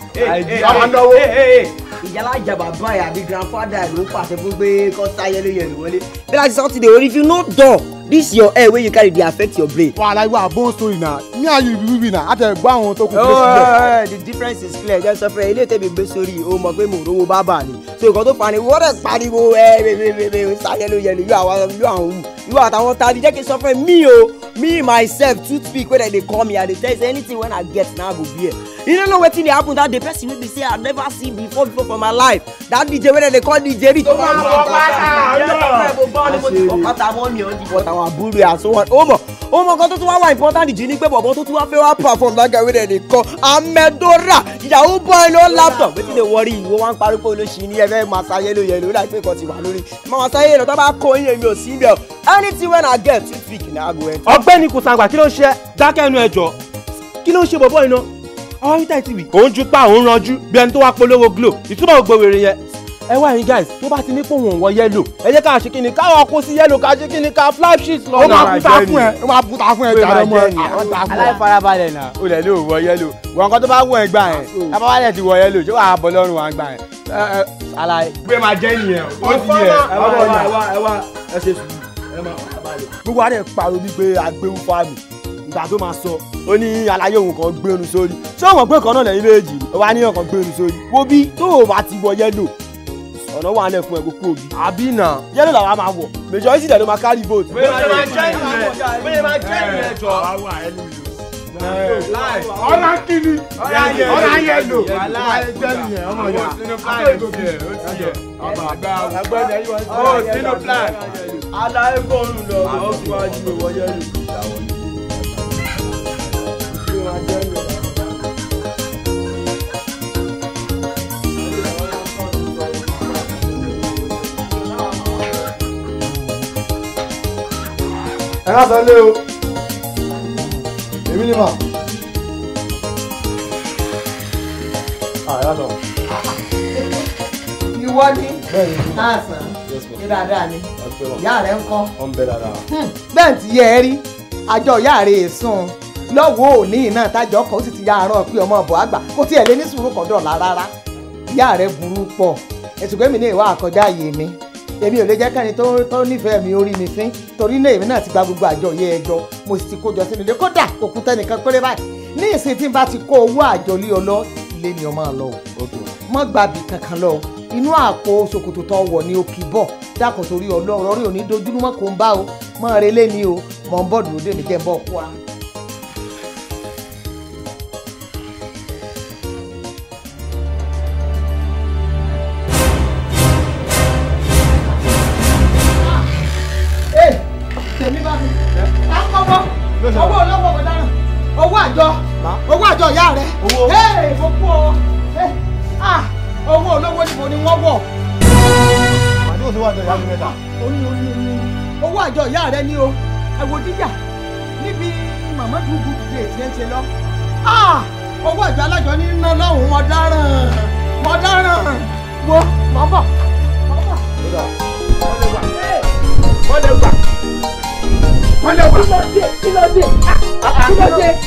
[SPEAKER 3] ìyálà ìjàmbá báyà bí grandfather ló pàṣẹ fún pé kó sáyé lò yẹn lò wọlé. bí a ti sọ ti dè orí fi no door this your hair wey you carry dey affect your brain. wahala you are born story na me and you be we na after gbọ́ àwọn tó
[SPEAKER 5] kún fún sílẹ̀.
[SPEAKER 3] the difference is clear jẹ́ sọ fún ẹ ilé tẹ̀mí gbé sórí o mọ̀ pé mo rówó bábà ni so nǹkan tó fa ni wọ́n rẹ̀ pariwo ẹ bèbèbèbè sá yẹlo yẹlo yóò àwọn yóò àwọn yóò àtàwọn ta ni jẹ́ kí n sọ fún ẹ mi o me myself toothpick wey dem dey call me i dey tell you say anything wey i get now go be here you no know wetin dey happen that day person wey be say i never see before before for my life that dj wey dem dey call dj rich. tó máa ń bọ̀ pátá àná. yẹ́n sọ fún ẹ mo bọ́ọ̀lù mo ti bọ̀ pátá mọ́ mi ọ́ ti bọ̀ tàwọn àwọn àbúrò àti wọn ó mọ̀ ó mọ̀ kan tó tún wá wà important jù ní pé bọ̀bọ̀ tó tún wá fẹ́ wá perform lágàwé rẹ̀ nìkan amẹ́dọ́rà yahoo boy ló laptop wetin dey worry ìwọ wá ń parí pé olóṣì ní ẹfẹ́ máa sa yẹ́lò yẹ́lò láì pé nǹkan ti wà lórí ẹ máa sa yẹ́lò tó bá kó yín èmi ò sí ibẹ̀ o anything when i get too big na i go enter. ọ̀gbẹ́ni kùsàgbà kí ló ń ṣe
[SPEAKER 5] dákẹ́ ẹnu ẹ jọ̀ọ́
[SPEAKER 3] kí ló ń ṣe bọ̀bọ̀ iná ọ̀rọ̀ yìí tẹ̀ ti wì. òun ju pa òun ranjú bí ẹni tó wá polówó glo ìtumọ̀ ògbówèrè yẹn ẹ wá yín guys tó bá ti ní pòun òun wọ yẹ́lò ẹ jẹ́ ká ṣe kí ni káwọn kó sí yẹ́lò ká ṣe kí ni ká fly
[SPEAKER 5] sheet lọ. ó máa buta fún ẹ ó máa buta fún ẹ jàre mọ ẹ aláìfarabalẹ̀ náà ó lẹ̀ ní òun wọ yẹ́lò wọn kan tó bá wọ ẹ gbà yẹn abawalẹ̀ ti wọ yẹ́lò ṣé wàá bọ́ lọ́rùn wa gbà yẹn. alaye. gbé máa jẹ́ nìyẹn ó ti yẹ ẹ wá ẹ wá ẹ wá ẹ ṣe sùn ẹ máa wà
[SPEAKER 3] balẹ̀. gbogbo àdé pariwo gbígbé agbéwú fáàmì ìgbà tó máa sọ ó ní aláyé òun kan gbénu
[SPEAKER 5] sórí ṣé òun gbé kan náà lẹ́yìn méjì ó wá ní ọkàn gbénu sórí wo bí tó o bá ti wọ yẹ́lò ọ̀nà wà lẹ̀ fún ẹ̀ gbogbo òbí. àbí nà yẹ́lò làwọn máa wọ̀ majority dẹ̀ ló máa carry vote. bẹ́ẹ̀ máa jẹ́ ìyẹn bẹ́ẹ̀ máa jẹ́ ìyẹn jọ. ọ̀rá kìíní ọ̀rá yẹ̀lò àìjẹ́niyẹn ọmọ yà ó sínú plan aláyé bọ́ọ̀lù lọ ó fi wájú ìwọ yẹ̀lò. ẹ ká sọ lé o èmi ni mà á
[SPEAKER 1] ẹ ká sọ.
[SPEAKER 3] ìwọ ni àṣà ah, ní dáadáa ni ìyá rẹ ń kọ́. wọ́n bẹ dáadáa. Hmm. bẹ́ẹ̀ ti yẹ ẹ rí àjọ ìyá rẹ èsùn lọ́wọ́ òní náà tájọ́ kan ó sì ti ya àárọ̀ pé ọmọ ọ̀bọ̀ àgbà kó tiẹ̀ lé ní sùúrù kan dọ̀la rárá ìyá rẹ burú pọ̀ ẹ̀sùn pé mi ní ìwà àkọjá yèmí èmi ò lè jẹ́ kẹ́ni tó nífẹ̀ẹ́ mi orí mi fín torí náà èmi náà ti gba gbogbo àjọyé ẹjọ́ mo sì ti kójọ sínú ilé kódà òkúta nìkan péré báyìí ní ìsìn tí n bá ti kó owó àjọ ọ lọ lé ni ọ lọ o mọ gbàbí kankan lọ inú àpò ṣòkòtò tó wọ̀ ní òkì bọ̀ dákòtò rí ọlọ́rọ̀ rí òní dojúmọ́ kò ń bá o mọ́ relé ni o mọ́ ń bọ̀ dúró dé jẹ́ ń kú wa. kí ló dé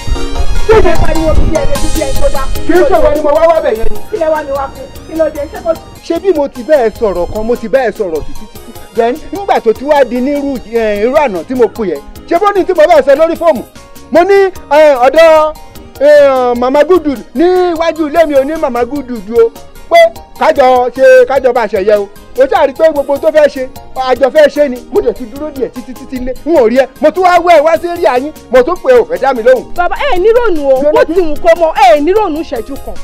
[SPEAKER 3] kí ló dé pariwo bíi ẹni bíi ẹni tó dá. kì í ṣòwò ni mo wá wá bẹ̀ yẹn. kí lẹ wá mi wá fún kí ló dé ṣé kò. ṣé bí mo ti bẹ́ẹ̀ sọ̀rọ̀ kan mo ti bẹ́ẹ̀ sọ̀rọ̀ títí títí then nígbà tó ti wá di ní irú eh, àná tí mo pè yẹn ṣé bó ní tí mo bẹ́ẹ̀ sọ lórí fóòmù mo ní eh, ọ̀dọ̀ eh, mama gudu níwájú ilé mi ò ní mama gudu du o pé kájọ ṣe kájọ bá ṣẹ̀yẹ o mo ṣáà rí pé gbogbo tó fẹ́ ṣe àjọ fẹ́ ṣe ni mo dẹ̀ ti dúró díẹ̀ títí títí lé n ò rí ẹ mo tún wá wẹ́ wá sí rí àyín mo tún pé o fẹ́ dá mi lóhùn. bàbá ẹ nírònú o bó ti wù kó mọ ẹ nírònú ṣẹ́jú kan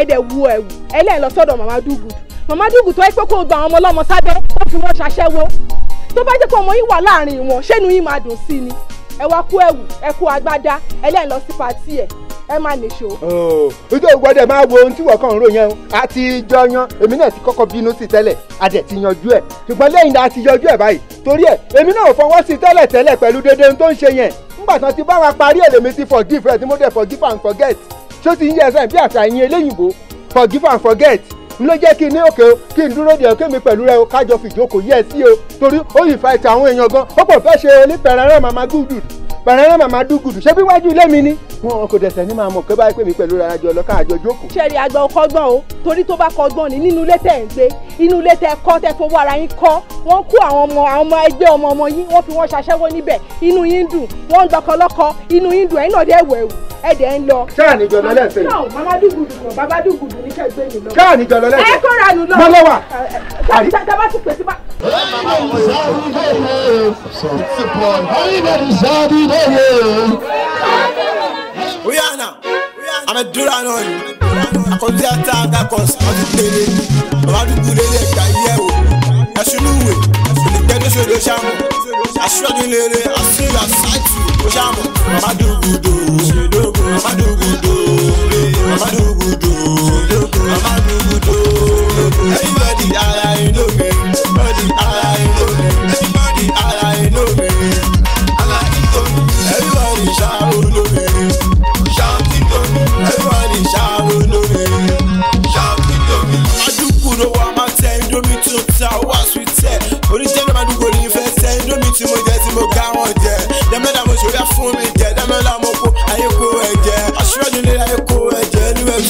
[SPEAKER 3] ẹ dẹ̀ wu ẹ̀wù ẹ lẹ́yìn lọ sọ́dọ̀ màmá dùgùdù màmá dùgùdù tó ẹ pé kó gba àwọn ọmọ ọlọ́mọ sábẹ́ ó fi wọ́n ṣaṣẹ́wó tó bá jẹ́ pé ọmọ yín wà láàrin ẹ máa lè ṣó. Oh, ojú ògbọ́dọ̀ máa wo ohun tí wọ́n kàn ń rò yẹn o a ti jọ yan èmi náà ti kọ́kọ́ bínú sí tẹ́lẹ̀ a dẹ̀ ti yanjú ẹ̀ ṣùgbọ́n lẹ́yìn náà a ti yanjú ẹ̀ báyìí torí ẹ̀ èmi náà ò fọwọ́ sí tẹ́lẹ̀ tẹ́lẹ̀ pẹ̀lú dédé ohun tó ń ṣe yẹn nígbà tán ti bá wa parí ẹ̀ lèmi ti forgive ẹ̀ tí mo dẹ̀ forgive and forget ṣó ti ń yẹ ẹsẹ̀ bí àṣà yín eléyìnbó forgive and forget n ló jẹ́ kí ní òkè o kí n dúró de òkè mi pẹ̀lú rẹ o kájọ fìjókòó yẹ sí o torí ó yìí fa ìtàn àwọn èèyàn gan ó pọ̀ fẹ́ ṣe onípẹ̀rẹ̀ rẹ̀ màmá gúdùdù bàrẹ́rẹ́ màmá dúgùdù ṣé bí wájú ilé mi ni. wọn kò dẹ̀sẹ̀ ní máa mọ̀ pé báyìí pé mi pẹ̀lú ara jọ lọ́kàn àjọ jókòó. ṣẹ́ẹ̀rì àgbà ọkọ gbọ́n o torí tó bá kọ gbọ́n ni nínú ilé tẹ̀ ń gbé inú ilé tẹ̀ kọ́ tẹ̀ fowó ara yín kọ́ wọ́n kó àwọn ọmọ àwọn ọmọ ẹgbẹ́ ọmọ ọmọ yín wọ́n fi wọ́n ṣaṣẹ́wó níbẹ̀ inú yín dùn wọ́n ń gbọ́kọ lọ́kọ inú yín dùn ẹ̀yin náà dẹ́ wẹ̀wù ẹ dẹ̀ ń lọ. ṣáà ní jọlọ lẹsẹ. no mama dùgùdù kọ baba ní kẹ mi lọ. ṣáà jọlọ lẹsẹ. ẹ kó nù lọ. mọ lọwà. tàbá ti pèsè bá.
[SPEAKER 5] Rihanna, I'm a Duran on you. Àkọ́bí àtàgà kan sọ́ọ́dún péré. Bàbá dùgbù lélẹ̀ ìgbà yẹ o. Ẹ̀sùn lúwẹ̀, olùgbẹ́dẹ́sọ̀rọ̀ ṣàmù. Aṣọ́jú lére, àṣírí àṣájú ó ṣàmù màmá dùgùdò ṣèdógún màmá dùgùdò màmá dùgùdò ṣèdógún màmá dùgùdò everybody I inú mi body ara.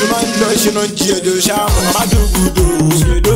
[SPEAKER 5] Suman do, shinon jie do, shaman madugudu, smedo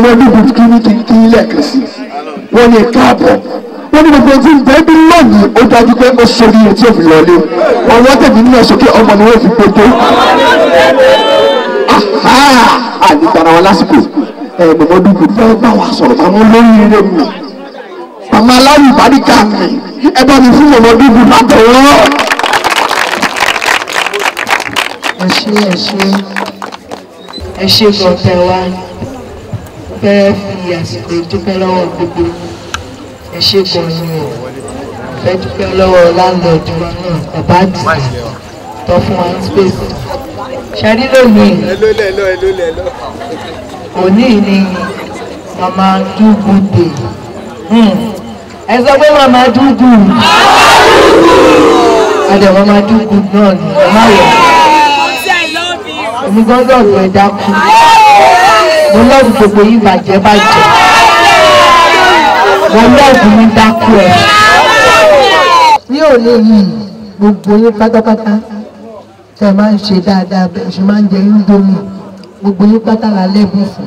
[SPEAKER 1] mo wọ́n dìbò kíní kíní lẹ́ẹ̀kan sí wọ́n ní káàbọ̀ wọ́n ní gbogbo ojú ìgbà ẹbí lónìí ó dájú pé ó sori etí òfin lọ́lé ọwọ́ tẹ̀mí nínú ọ̀sọ́kẹ́ ọmọ ni wọ́n fi pété. àdìgbàrà wọn lásìkò
[SPEAKER 3] ẹ mọ̀mọ́ dùkú fẹ́ bá wa sọ̀rọ̀ màmú lóríire mi màmá aláwọ̀
[SPEAKER 4] ìbáríkà mi ẹ bá mi fún mọ̀mọ́ dùkú látọ̀wọ́. ẹ ṣé ẹ ṣé ẹ ṣé gan tẹ
[SPEAKER 3] fẹ́ fi àsìkò ìdúpẹ́ lọ́wọ́ gbogbo ẹ ṣe gan ni o fẹ́ dúpẹ́ lọ́wọ́ láńlọ́ọ̀dù wa náà bàbá àti tó
[SPEAKER 5] fún wa ní space
[SPEAKER 2] ṣàrí lónìí
[SPEAKER 1] òní ni mama do good day ẹ sọ pé mama do good adẹ mama do good náà ni mama yẹ èmi gbọ́dọ̀ ọ̀gbẹ́ dákú mo
[SPEAKER 3] lọ́ọ̀bù gbogbo yín bàjẹ́ bàjẹ́ mo lọ́ọ̀bù yín dákú ẹ̀ ní òní yìí gbogbo yín pátápátá tẹ̀ máa ń ṣe dáadáa bẹ́ẹ̀ ṣe máa ń jẹ indomie gbogbo yín pátá la lẹ́bù fún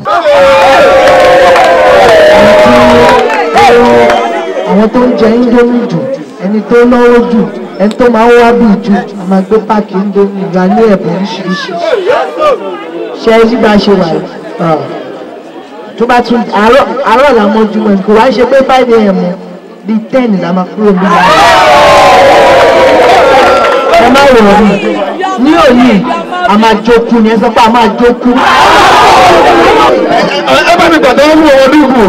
[SPEAKER 3] àwọn tó ń jẹ indomie jù ẹni tó náwó jù ẹni tó máa ń wá bí ìjú a máa gbé páàkì indomie ìgbà ní ẹ̀bùn oríṣiríṣi ṣe é yí bá ṣe wà yìí tó bá tún àárọ̀ àárọ̀ là mọ jùmọ̀ kò wá ṣe pé five a.m. di ten là máa kúrò ní ìlànà. ẹ má wọ̀ ọ́ ní òní a máa jókù ni ẹ sọ pé a máa jókù.
[SPEAKER 5] ẹ bá mi gbàgbọ́ wọ́n fún ọmọdé ìbò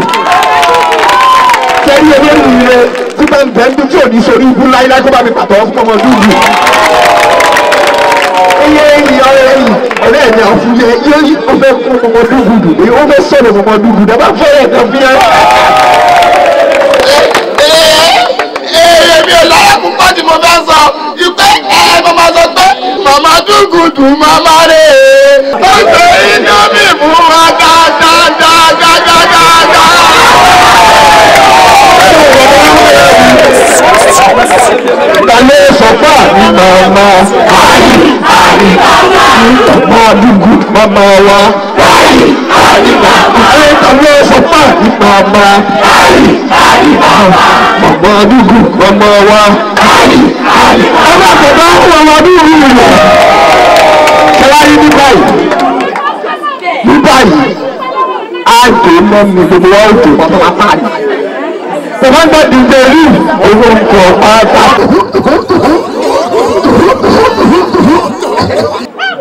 [SPEAKER 5] tẹ́lẹ̀ olórí rẹ tí bá ń bẹ́ẹ̀ ń bí tí ò ní sórí ibú láíláí kó bá mi pàtó fún ọmọdé ìbò
[SPEAKER 3] iye ìyọrẹ yìí ọ̀rẹ́ ẹ̀dá òfúyẹ yóò yí ó fẹ́ kó gbogbo dúgudù èyí ó fẹ́ sọ̀rọ̀ gbogbo dúgudù ẹ̀bá fẹ́rẹ̀ kan fi hàn.
[SPEAKER 5] èèyàn mi ò láyà púpọ̀ tí mo fẹ́ sọ ìpè ẹ̀ mo máa sọ pé mama dúgudù màmá rè é ó mi fún wa dáadáa.
[SPEAKER 1] Ìtàlẹ́ sọ́pà ní màmá. Àyè àyè màmá. Máa bí good màmá wa. Àyè àyè màmá. Ìtàlẹ́ sọ́pà ní màmá. Àyè àyè màmá. Màmá bí good màmá wa. Àyè àyè màmá. Ọba kò bá fún ọmọ bí ìlú rẹ̀. Ṣé wá rí ní báyìí? Ní báyìí, àìtó mọ́ mi gbogbo wa ò tó pátápátá ni. Remember the day orúkọ pátá.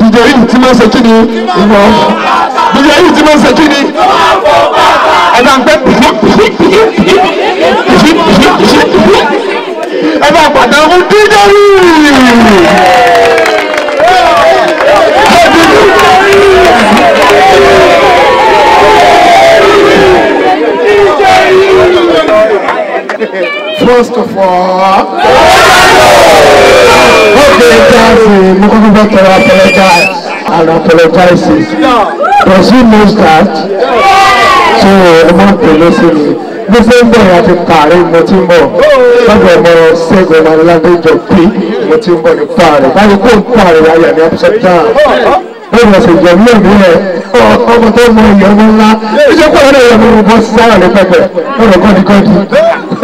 [SPEAKER 1] Ìjọ yìí ti máa ń ṣe kí ni? Ìwọ. Ìjọ yìí ti máa ń ṣe kí ni? Ẹ bá ń pẹ́ ẹ bá pàdé ọkùn dídé rí.
[SPEAKER 3] First
[SPEAKER 5] of all, okay, guys, we go
[SPEAKER 1] back to apologize and apologizes. Does he know that? So, ọmọ pẹ̀lú sí mi. Dísẹ́ńbẹ̀ àti Pàrí mo ti ń bọ̀.
[SPEAKER 5] Lọ́dọ̀ ọmọ Ṣẹ́gun Ọmọládé jọ pé mo ti ń bọ̀ ní Pàrí. Báyìí kò ń Pàrí
[SPEAKER 1] wáyà ní Amsterdam gómìnà ìjọba ìlú rẹ ọmọ tó mọ ìyọnu ńlá iṣẹ́ pọ̀ lọ́dọ̀ ìyọnu bọ́ sí sára ní pẹ̀pẹ̀ lọ́dọ̀ gọ́dí gọ́dí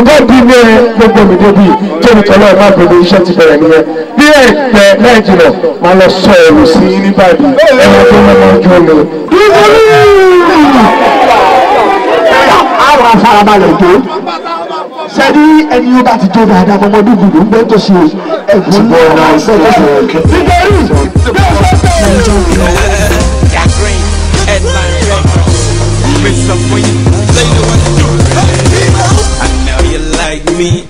[SPEAKER 1] gọ́dí ní gbogbo mi débi tí èmi tọ́lọ́ ẹ̀ má gbogbo iṣẹ́ ti bẹ̀rẹ̀ nìyẹn bí ẹ̀pẹ́ náà jìnà
[SPEAKER 5] máa lọ sọ ẹ̀rù sí ní báyìí ẹ̀rọ tó mọ ọmọ ojú omi.
[SPEAKER 1] àwọn afárabalẹ̀ tó
[SPEAKER 5] sẹ́ni ẹni yóò bá ti tó dáadáa mọ́mọ́dún gbùdù ń bẹ́ẹ̀ tó ṣe ẹ̀gbọ́n náà ń bẹ́ẹ̀ tó ṣe ẹ̀kẹ́. I know you like me.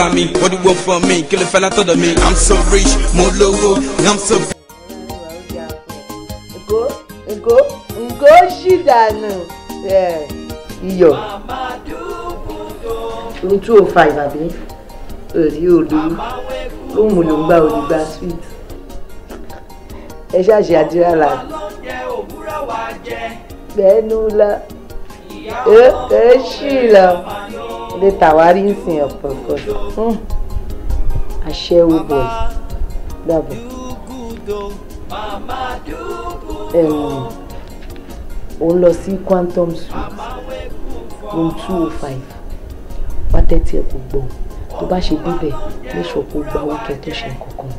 [SPEAKER 5] pa mi what do you want from me kí ló fẹ́ látọ̀dọ̀ mi i'm so rich mo lówó i'm so.
[SPEAKER 3] ǹgó ǹgó ǹgó ṣì dànù iyọ̀ ohun tí o fa ìbàdí òrí òru lóhùn ló ń gbà olùgbà sweet ẹ ṣàṣì àdírà là bẹ́ẹ̀ nù la ẹ ṣì là lè tàwárí hmm. ń sìn ọ̀pọ̀ ọ̀pọ̀ aṣẹ́wó
[SPEAKER 2] bọ̀ì dàbọ̀ òun lọ sí quantum suite room two oh
[SPEAKER 3] five wá tẹ́tí ẹ̀ kò gbọ́ tó bá ṣe débẹ̀ ní ṣọ̀kò gba owó kẹtọ́ ṣe kankan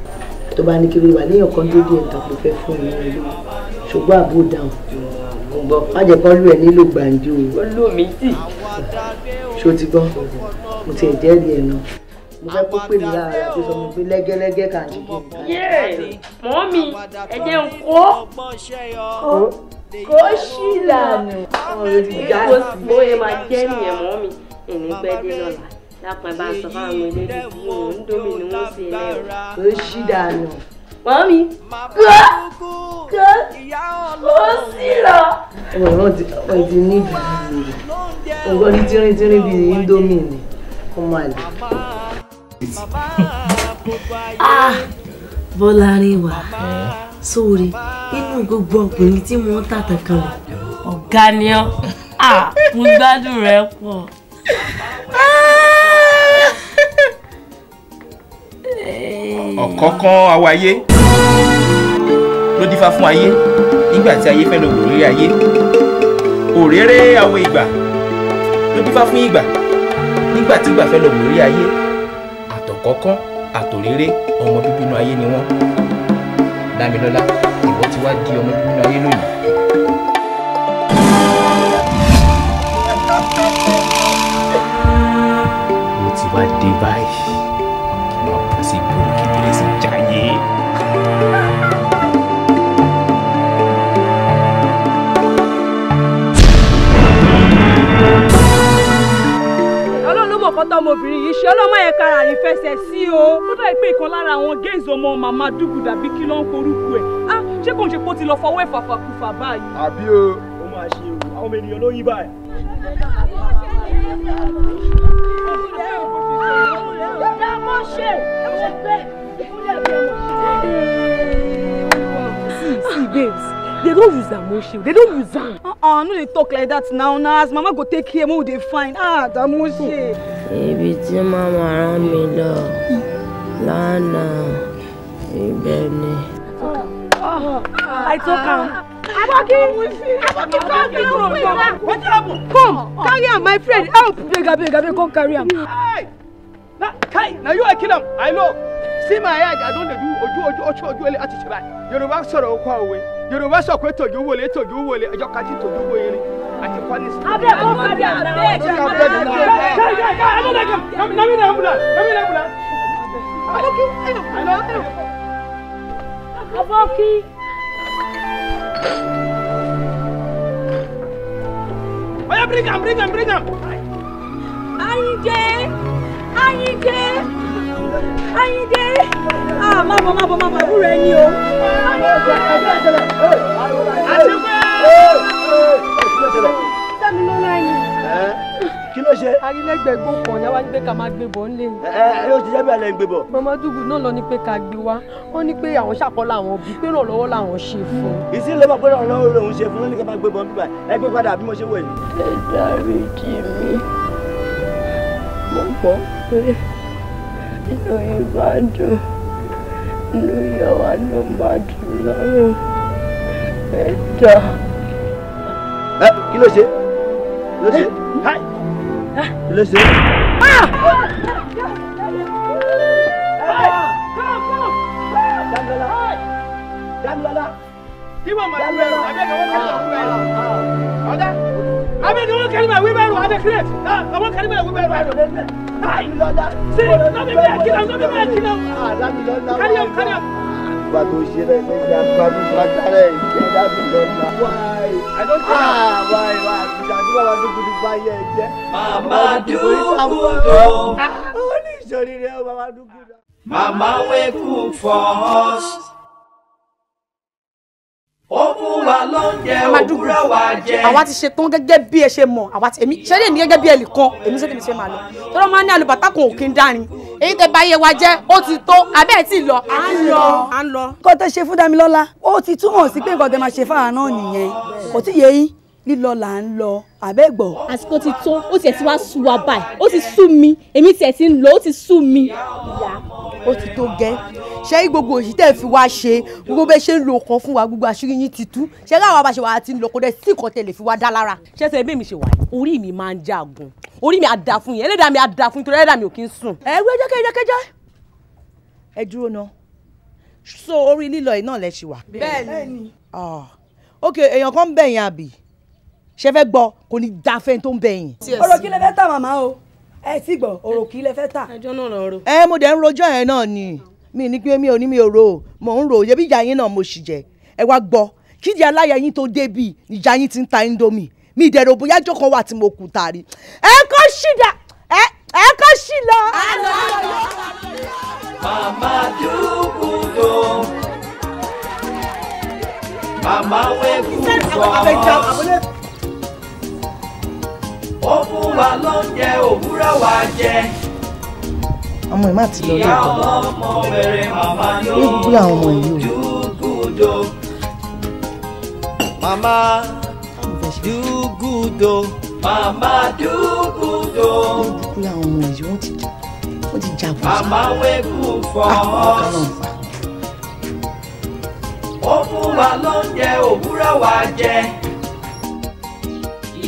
[SPEAKER 3] tó bá ní kí wíwà léèyàn kan dédé ẹ̀ tàbí fẹ́ fún mi ní ìlú ṣùgbọ́n àbúrò dáhùn má jẹ́ kán lù ẹ́ nílò gbàǹjo.
[SPEAKER 2] olómi tì
[SPEAKER 3] ṣó ti gbọ́ mo ti ẹ̀jẹ̀ rí ẹ̀nu
[SPEAKER 2] mo fẹ́ kó pè mí lára àti sọ mo pé
[SPEAKER 3] lẹ́gẹ́lẹ́gẹ́ kà ń jí kí n ká.
[SPEAKER 2] yéè mọ́mí ẹ̀jẹ̀ ń kó
[SPEAKER 3] kó ṣì lànà ọ̀rọ̀ ìjà
[SPEAKER 4] mo yẹ máa jẹ́ nìyẹn mọ́mí ìnígbẹ́dẹ́ lọ́la lápá ẹ bá ń sọ fáwọn eléyìí òun ń dómi ni wọ́n sì lẹ́
[SPEAKER 3] o ṣì dànù.
[SPEAKER 2] mọ́mí gbọ́ gbọ́
[SPEAKER 4] ó sì lọ.
[SPEAKER 3] ọ̀rọ̀ ti ti ní ìdílé nǹkan ní tíríntírín bíi indomie ni kó máa lè. Ah, Bọ́lárinwá sóore inú gbogbo ọkùnrin tí
[SPEAKER 2] wọ́n tàtà kan lẹ̀. ọ̀gá ni ọ́ ah, mo gbádùn rẹ pọ̀. Ah.
[SPEAKER 3] ọ̀kọ̀ọ̀kan awáyé ló dífá fún ayé nígbà tí ayé fẹ́ lọ wò lórí ayé òréré àwọn ìgbà ló bí fún ìgbà nígbà tí ìgbà fẹ́ lọ wòrí ayé àtọ̀kọ́kọ́ àtòréré ọmọ bíbínú ayé ni wọ́n dámilọ́lá ìwọ ti wá di ọmọ bíbínú ayé lónìí. mo ti wá dé báyìí. nǹkan tọmọbìnrin yìí ṣe ọlọ́mọ yẹn kára rí fẹsẹ̀ sí o. ó dà pé ìkan lára àwọn géèzì ọmọ màmá dùgù dàbí kí ló ń korúkú ẹ̀ á ah, ṣé kò ń ṣe pé ó ti lọ fọwọ́ ìfàfà kùfà
[SPEAKER 1] báyìí.
[SPEAKER 5] àbí o ó máa ṣe o àwọn ènìyàn ló yí báyìí.
[SPEAKER 3] See, babes, they don't use that motion. They don't use that. Uh-uh, no, they talk like that now. Now, as mama go take care, we dey fine. Ah, that motion
[SPEAKER 4] ibi tí màmá rán mi lọ lánàá ibẹ̀ ni.
[SPEAKER 3] I took am.
[SPEAKER 2] Aboki! Aboki,
[SPEAKER 3] come here! What happened? Come, carry am, my friend. Help! Bega, bega, bega, come carry am. Hey! Na, kai, na you I kill am. I know sí máa yá àjàdún lè du ojú ojú ojú ojú ilé àti ṣẹlẹ yorùbá sọ̀rọ̀ okó òwe yorùbá sọ pé tòjú wọlé tòjú wọlé ẹjọ́ kájí tòjú wọ irin àti pọlísì. abẹ́ẹ̀kọ́ kájí àbẹ́ẹ̀kọ́ kájí àbẹ́ẹ̀kọ́ amúnagà nàmínà amúnà nàmínà amúnà. abọ́kí abọ́kí. oya bring am bring am bring am.
[SPEAKER 4] Ayinde Ayinde. Ayíndé àmọ́ ah, bọ̀ má bọ̀ má bọ̀ àbúrò ẹni o. Sẹ́mi ló láyé. Kí ló ṣe?
[SPEAKER 3] Arílẹ́gbẹ̀ẹ́ gbọ̀ngàn ni a wá ní pé ká máa gbé bọ̀ ńlẹ̀. Ẹ ẹ yóò ti jẹ́ bí alẹ́ ń gbé bọ̀. Màmá Dùgbù náà lọ ní pé ká gbé wá. Wọ́n ní pé àwọn ṣàkọ́ làwọn bí pé ìrànlọ́wọ́ làwọn ṣe fún. Ìsín ló mọ̀ pé ìrànlọ́wọ́ lòun ṣe fún ní ká máa gbé bọ̀ bíbà. Ẹ gbé padà bí mo ṣe wò yìí. Ẹ dáríjì
[SPEAKER 4] mi,
[SPEAKER 1] mo mọ̀ pé inú yín bá dùn inú yẹn wà ló máa dùn lọ́rùn ẹ
[SPEAKER 3] jọ.
[SPEAKER 5] ẹ kí ló ṣe ló ṣe kí ló ṣe.
[SPEAKER 2] Damilola. Damilola. Tí wọ́n máa ń lu ẹ̀rọ, àbí ẹ̀rọ wọn máa ń lu ẹ̀rọ. Ọ̀dà. I mean, no one carry my wheelbarrow. I'm a crate. No one carry my wheelbarrow. Ah, you love that. See, no be me a killer. No be me a killer. Ah, that you
[SPEAKER 1] love that. Carry on, carry on.
[SPEAKER 3] Why? I don't ah, care. Ah, why, why? Ìdájú bàbá tó kú ní báyẹ̀ jẹ́. Màmá
[SPEAKER 1] dúkú tó. Ah,
[SPEAKER 5] ó ní ìṣòrí rẹ̀ ó bàbá dúkú tó.
[SPEAKER 2] Màmá wake up for us ó fún wa
[SPEAKER 3] lóúnjẹ òwúrọ̀ wa jẹ. àwa ti ṣe tán gẹ́gẹ́ bí ẹ ṣe mọ̀ àwa ti èmi ṣé lè ní gẹ́gẹ́ bí ẹ lè kan èmi ṣé tèmi ṣe máa lọ tọ́lọ́ máa ń ní àlùbàtà kan òkè ń dárin èyí tẹ báyé wa jẹ́ ó ti tó abẹ́ ẹ̀
[SPEAKER 4] tí ì lọ. à ń lọ à ń lọ. nǹkan tẹ ṣe fún Damilọ́lá ó ti túmọ̀ sí pé nǹkan tẹ máa ṣe fáwọn náà nìyẹn kò tí ì yé yín lílọ là ń lọ àbẹ́gbọ̀. àsìkò ti tó ó tiẹ̀ ti wá sú
[SPEAKER 3] wa báyìí ó ti sú mi èmi tiẹ̀ ti ń lọ ó ti sú mi. ìyá ó ti tó gẹ́ ṣé gbogbo òṣì tẹ́ fi wá ṣe gbogbo bẹ́ẹ̀ ṣe ń lo ọkàn fún wa gbogbo àṣírí yín ti tú ṣé láwọn abàṣẹ wa ti ń lọ kó sí ìkọ́tẹ̀ lè fi wá dá lára. ṣẹ́sẹ̀ ẹbí mi ṣe wà yìí orí mi máa ń jagun orí mi àdá fún yín ẹlẹ́dàá mi àdá fún yín torí ẹlẹ́dàá mi ò kí ń sùn. ẹ wí ẹjọ́ kẹjọ kẹjọ. ẹ dúró ná so ṣe fẹ́ gbọ́ kò ní da fẹ́ tó ń bẹ yín. ọ̀rọ̀ kí
[SPEAKER 1] lẹ fẹ́ tà màmá
[SPEAKER 4] o ẹ sì gbọ́ ọ̀rọ̀ kí lẹ fẹ́ tà. ẹjọ́ náà lọ rò.
[SPEAKER 3] ẹ mo dẹ̀ ń rojọ́ ẹ náà ni mi ní pé mi ò ní mi ò ro mò ń ro yẹbi ìjà yín náà mo sì jẹ ẹ wá gbọ́ kídi aláya yín tó débi ìjà yín ti ń ta indomie mi ìdẹ̀rọ̀ bóyá jókòó wà tí mo kù tàrí. ẹ kọ́ ṣìdá ẹ ẹ kọ́ ṣìlọ.
[SPEAKER 2] màmá dúkùdó màmá wẹ́kú ó fún wa lóúnjẹ òwúrọ̀ wa jẹ
[SPEAKER 3] ọmọ ẹ má ti lọ lóòótọ́ ìyá ọlọ́mọ bẹ̀rẹ̀
[SPEAKER 2] màmá ló dúgúdò màmá dúgúdò màmá dúgúdò dúgúdò
[SPEAKER 3] àwọn ọmọ yìí wọ́n ti wọ́n ti jà bọ́ màmá wẹ́kù fọ́ ah,
[SPEAKER 2] ó fún wa lóúnjẹ òwúrọ̀ wa jẹ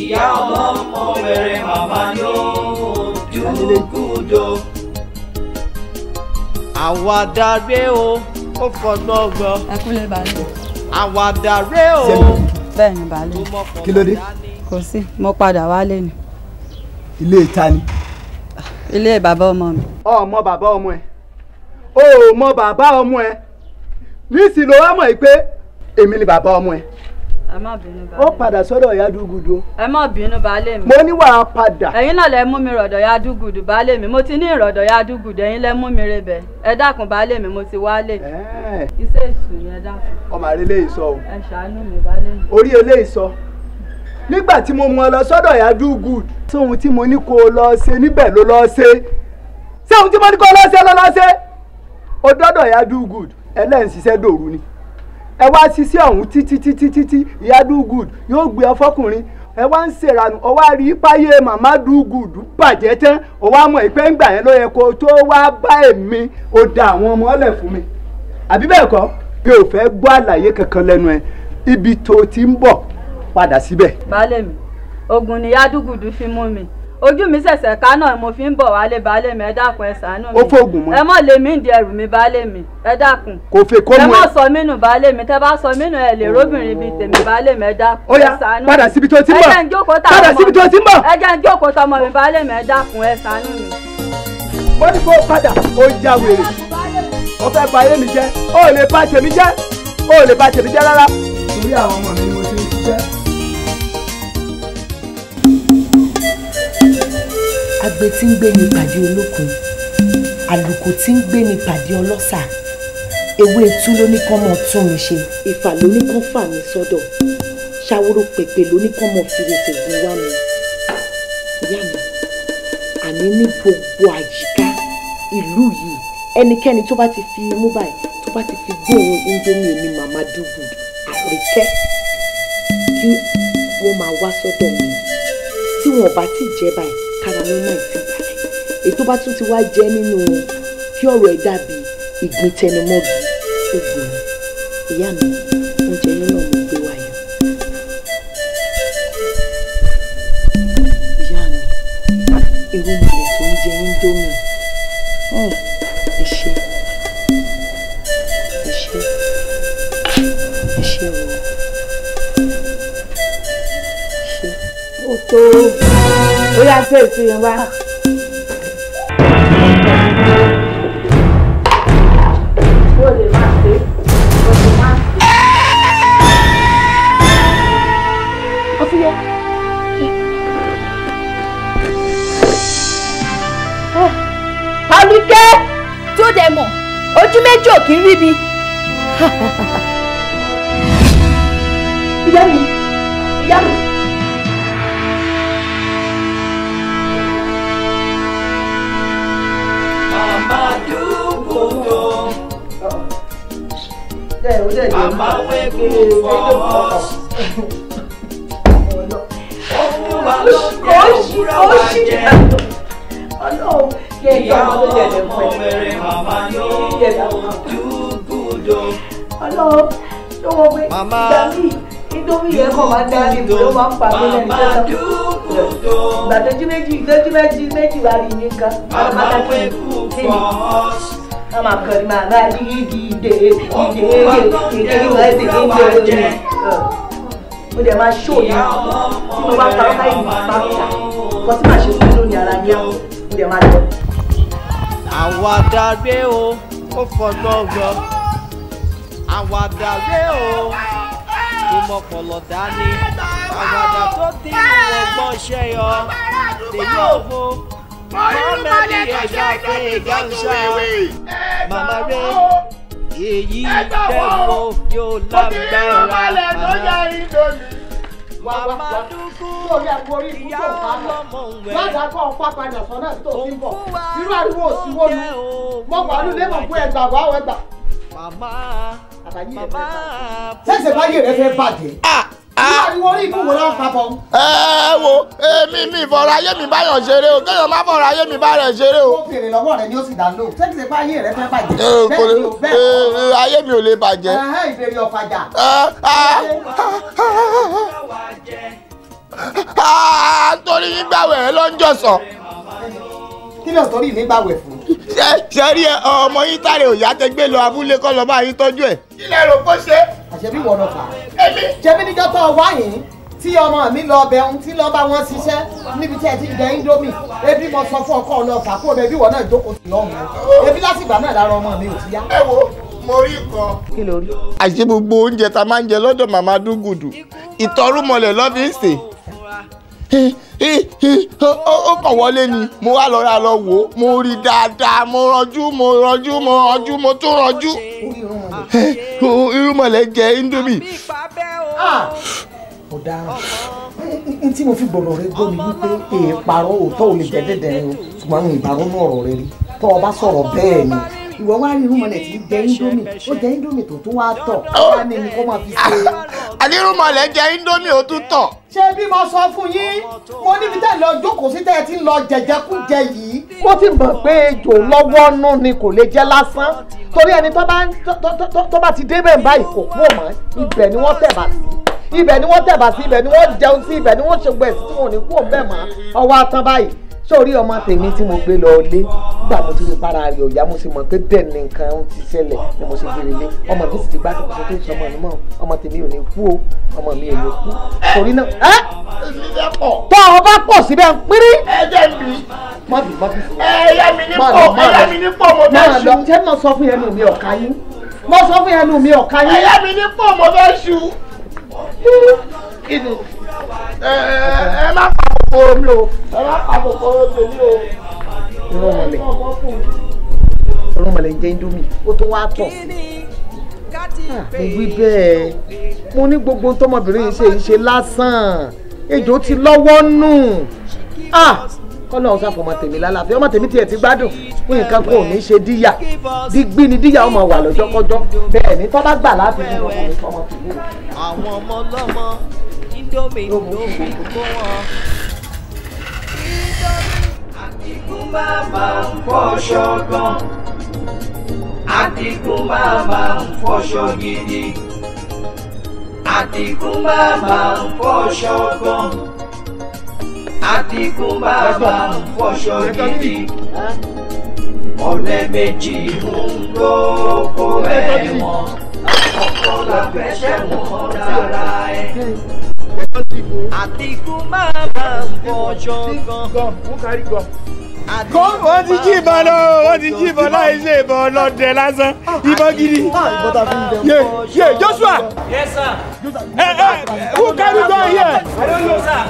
[SPEAKER 2] ìyá ọmọ ọmọ bẹ̀rẹ̀ màmá ló
[SPEAKER 1] dúkúdò.
[SPEAKER 2] àwàdà rèé o ó fọgbọ́n gbọ́. ẹ kúlẹ̀ balẹ̀. àwàdà rèé o.
[SPEAKER 4] bẹ́ẹ̀ ni balẹ̀. kí ló dé. kò sí mo padà wálé ni. ilé ìta ni. ilé bàbá ọmọ mi. ọmọ bàbá ọmọ ẹ o
[SPEAKER 3] bàbá ọmọ ẹ nísìnyí ló wá pé èmi ni bàbá ọmọ ẹ
[SPEAKER 4] ẹ má bínú baálé mi.
[SPEAKER 3] ó padà sọ́dọ̀ yadugudu.
[SPEAKER 4] ẹ má bínú baálé mi. mo ní wàá padà. ẹ̀yin náà lẹ mú mi rọ̀dọ̀ yadugudu baálé mi mo ti ní ìrọ̀dọ̀ yadugudu ẹ̀yin lẹ mú mi rebẹ̀ ẹ dákun baálé mi mo ti wálé. iṣẹ́ èṣù ni ẹ dákun.
[SPEAKER 3] ọmọ àrẹ eléyìí sọ o.
[SPEAKER 4] ẹ ṣàánú mi baálé mi.
[SPEAKER 3] orí eléyìí sọ nígbà tí mo mú ọ lọ sọ́dọ̀ yadugudu. sóhun tí mo ní kó o lọ ṣe níbẹ̀ ló lọ ṣe sóhun tí mo ní kó o lọ ṣe ló lọ ṣe ó dọ́dọ̀ yadugudu ẹlẹ́yìn ṣiṣẹ́ dòru ni ẹ wá ṣiṣẹ́ ọ̀hún títí títí títí ìyá dùgùd yóò gbé ọfọkùnrin ẹ wá ń ṣèrànù ọ wá rí páyé màmá dùgùd bàjẹ́ tán ọ wá mọ̀ ìpẹ́ ńgbà yẹn ló yẹ kó tó wá bá èmi ó da àwọn ọmọ ọlẹ̀ fún mi àbí bẹ́ẹ̀ kọ́ mi ò fẹ́ gbọ́ àlàyé kankan lẹ́nu ẹ ibi tó ti ń bọ̀ padà síbẹ̀.
[SPEAKER 4] baálé mi oògùn ni yádùgùdù fi mú mi ojú mi ṣẹ̀ṣẹ̀ ká náà mo fi ń bọ̀ wálé baálé mi ẹ dákun ẹ ṣàánú mi ó fòògùn mọ́ ẹ mọ̀ lè mí ìdí ẹrù mi baálé mi ẹ dákun kò fè kó mu ẹ ẹ mọ̀ sọ mí nù mi tẹ́ bá sọ mí nù ẹ lè róbìnrin bíi tèmi baálé mi ẹ dákun ẹ ṣàánú mi padà síbi tó ti ń bọ̀ ẹ jẹ́ ń jókòó tá ọmọ padà síbi tó ti ń bọ̀ ẹ jẹ́ ń jókòó tá ọmọ mi baálé mi ẹ dákun ẹ ṣàánú mi. wọ́n ní kó padà ó já wèrè ó
[SPEAKER 3] fẹ́ mi jẹ́ ó lè bà tèmi mi mo ti ń ṣiṣẹ́ agbe tí ń gbé ni pàdé olókun àlùkò tí ń gbé ni pàdé ọlọ́sà ewé etú ló ní kán mọ tún mi ṣe. ìfà ló ní kán fà mí sọ́dọ̀ ṣàwòrò pèpè ló ní kán mọ fìrèsè gùn wá mi. ìyá mi àní ní gbogbo àyíká ìlú yìí ẹnikẹ́ni tó bá ti fi imú báyìí tó bá ti fi gbóòórùn indomie èmi màmá dùgbù àríkẹ́ kí wọ́n máa wá sọ́dọ̀ mi tí wọ́n bá ti jẹ́ báyìí àwọn ọmọ ìfi bá tún ti wá jẹ́ nínú kí ọ̀rọ̀ ẹ̀ dàbí ìgbín tẹnumọ́gi ògùn ìyá mi oúnjẹ nínú ọmọ ìgbé wa yẹn. ìyá mi irú ìrẹ̀ tó ń jẹ índómì hmm, ẹ ṣe ẹ ṣe ẹ
[SPEAKER 1] ṣe o ṣe. ó tó ó yá fẹ́ ìfihàn wá.
[SPEAKER 4] Àlùkẹ́ tó ah, dẹ̀ mọ̀ ojú méjì ò kí ń rí mi. ìyá mi
[SPEAKER 1] ìyá mi.
[SPEAKER 2] díẹ̀ ní. màmá wẹ́gun fọwọ́. ọmọ wa ló ń jẹ́ òwúrọ̀ wa jẹ́. ọlọ́run kí ẹ jọ àwọn tó jẹ̀lẹ̀ mọ́ bẹ̀rẹ̀ màmá ló dúgúdò. ọlọ́run ló wọ pé dàbí nítorí yẹn kàn máa dá ìlú ló máa ń pa mí lẹ́nu tó lọ. gbàdéjì méjì gbàdéjì méjì
[SPEAKER 3] méjì wà ní yín ká. màmá wẹ́gun fọwọ́ ọmọ akọni màmá yìí di ìdè ìdè ìdè ìwà ìdè ìdè ìdè
[SPEAKER 2] mo dẹ̀ máa ṣó ní tí mo bá ta ọ́ká yìí bá mi
[SPEAKER 1] ta nǹkan tí màá ṣe fún lónìí ara ní àwọn mo dẹ̀ máa lọ.
[SPEAKER 2] àwọn adarí o ó fọgbọ́n gbọ́ àwọn adarí o ìmọ̀pọ̀lọ̀ dání àwọn àdàtọ́ tí mo lọ gbọ́n ṣẹ́yọ lè yóò fún mọ̀lẹ́bí ẹ̀dá pé gánṣá màmá rẹ̀ èyí dẹ́wọ̀ yóò lágbára
[SPEAKER 3] màmá dúkú ìyá ọlọ́mọ wẹ̀. ládàá kọ́ ọ̀pá
[SPEAKER 2] padà sọ náà tó ti ń bọ̀ irú ariwo òsínwó
[SPEAKER 3] lu mọ̀gbàlú lẹ́mọ̀ fún ẹgbà wà wẹ́gbà.
[SPEAKER 2] màmá màmá.
[SPEAKER 3] sẹ́sẹ̀ báyé rẹ fẹ́ bàjẹ́. Ah! ẹ wo èmi mi ìfọ̀rọ̀ ayé mi báyọ̀ ṣeré o kéèyàn má fọ̀rọ̀ ayé mi bá rẹ̀ ṣeré o. ó bèrè lọ́wọ́ rẹ̀ ni ó sì dá lò ṣé kì í ṣe pé ayé rẹ̀ fẹ́ bàjẹ́ bẹ́ẹ̀ ni
[SPEAKER 5] ò bẹ́ẹ̀. ayé mi ò lè bàjẹ́.
[SPEAKER 3] ìbèrè ọ̀fàjà.
[SPEAKER 5] torí yín gbàwẹ̀ lọ́njọ́sọ̀
[SPEAKER 3] kí ló torí mi bá wẹ̀ fún. ṣe ṣe rí ọmọ yín tàrẹ òyà tẹ gbé lọ abúlé kọ́ lọ́ọ́ bá yín tọ́jú ẹ̀. kí lẹ rò kó ṣe. àṣẹbí wọ lọ fà á. èmi. ṣẹbi níjọ́ tó wá yìí tí ọmọ mi lọ bẹ ohun tí lọ wọn ṣiṣẹ́ níbi tí ẹ ti jẹ índómì ebi mo sọ fún ọkọ lọ fà kó bẹ bí náà jókòó sí mo rí kan.
[SPEAKER 5] àṣé gbogbo oúnjẹ ta máa ń jẹ lọ́dọ̀ màmá dúgùdù ìtọ́rùmọlẹ̀ lọ́ ó kàn wọlé ni mo wá lọ ra lọ wò ó mo rí dáadáa mo rọjú mo rọjú mo rọjú mo tún rọjú irúmọlẹ̀ jẹ indomie.
[SPEAKER 3] ọ̀daràn n tí mo fi gbọ̀rọ̀ rẹ gbọ́ mi wípé èèpàrọ̀ òótọ́ ò lè jẹ́ dẹ́dẹ́rẹ́ o ṣùgbọ́n àwọn ìbáwọ́ náà ọ̀rọ̀ rẹ rí tọ́ ọ bá sọ̀rọ̀ bẹ́ẹ̀ ni ìwọ wá rí rúmọlẹ̀ tí jẹ indomie ó jẹ indomie tó tún wá tọ̀ wá ní ẹni kó máa fi ṣe. Ah, àní rúmọlẹ̀ jẹ indomie ó tún tọ̀. ṣé bí mo sọ fún yín mo níbi tẹ́ lọ jókòó sí tẹ́ ẹ ti ń lọ jẹjẹkújẹ yìí. mo ti mọ̀ pé ejò lọ́wọ́ nú ni kò lè jẹ́ lásán torí ẹni tó bá ti débẹ̀ báyìí kò kú òmọ́ ibẹ̀ ni wọ́n tẹ̀ bá sí ibẹ̀ ni wọ́n tẹ̀bà sí ibẹ̀ ni wọ́n jẹun sí ibẹ̀ ni wọ́n ṣe gbẹ̀ sí tí wọ́n ní kú òun bẹ́ẹ̀ mọ́ ọwọ́ atán báyìí sórí ọmọ tèmi tí mo gbé lọ lé gbà mo ti rí para rẹ̀ ọ̀yá mo sì mọ̀ pé bẹ́ẹ̀ ni nǹkan ń ti ṣẹlẹ̀ ni mo sì gbére lé ọmọ mi sì ti gbádùn kó tó sọmọ mi mọ́ ọmọ tèmi ò ní kú o ọmọ mi ò ní kú torí náà. ẹ tọ́ ọ bá pọ̀ síbẹ̀ ń pírí. ẹ jẹ́ mi. má bì má bì. ẹ yá mi ní pọ̀ ẹ yá mi ní pọ̀ mo fẹ́ ṣu. máa lọ ṣé mo sọ fún ẹnu mi ọ̀ka yín mo sọ fún ẹnu mi ọ̀ka yín. ẹ yá mi ní pọ̀ mo fẹ́ ṣu. kí ni ẹ ẹ má pa kóró mi o ẹ ń jẹ indomie ó tún wá tọ̀
[SPEAKER 2] ah, mo
[SPEAKER 3] bẹ́ẹ̀ mo ní gbogbo tọmọbìnrin ṣe ń ṣe lásán ejò ti lọ́wọ́ nù ah, kọ́lọ́hún sáfọ̀ ọmọ tèmi lálàáfíà ọmọ tèmi tiẹ̀ ti gbádùn fún nǹkan kó ní ṣe díyà dígbì ni díyà ọmọ wà lọ́jọ́kọ́jọ́ bẹ́ẹ̀ ni tọ́ba gbà láti fi ọkùnrin
[SPEAKER 2] tèmi. àwọn ọmọ ọlọ́mọ indomie ló mú kó wọn. Àdìgún bàbá ń fọṣọ gan. Àdìgún bàbá ń fọṣọ gidi. Àdìgún bàbá ń fọṣọ gan. Àdìgún bàbá ń fọṣọ gidi. Ọ̀pọ̀ làbẹ́sẹ̀ wọ̀n lára ẹ̀. Àtìkú máa máa ń bọ̀ jọ̀ngàn
[SPEAKER 5] wọ́n ti jí ìbọn lọ wọ́n ti jí ìbọn láì ṣe ìbọn ọlọ́dẹ lásán ìbọn gidi. ye ye Joshua.
[SPEAKER 3] Yes sir.
[SPEAKER 5] ẹ ẹ who
[SPEAKER 3] carry gun here.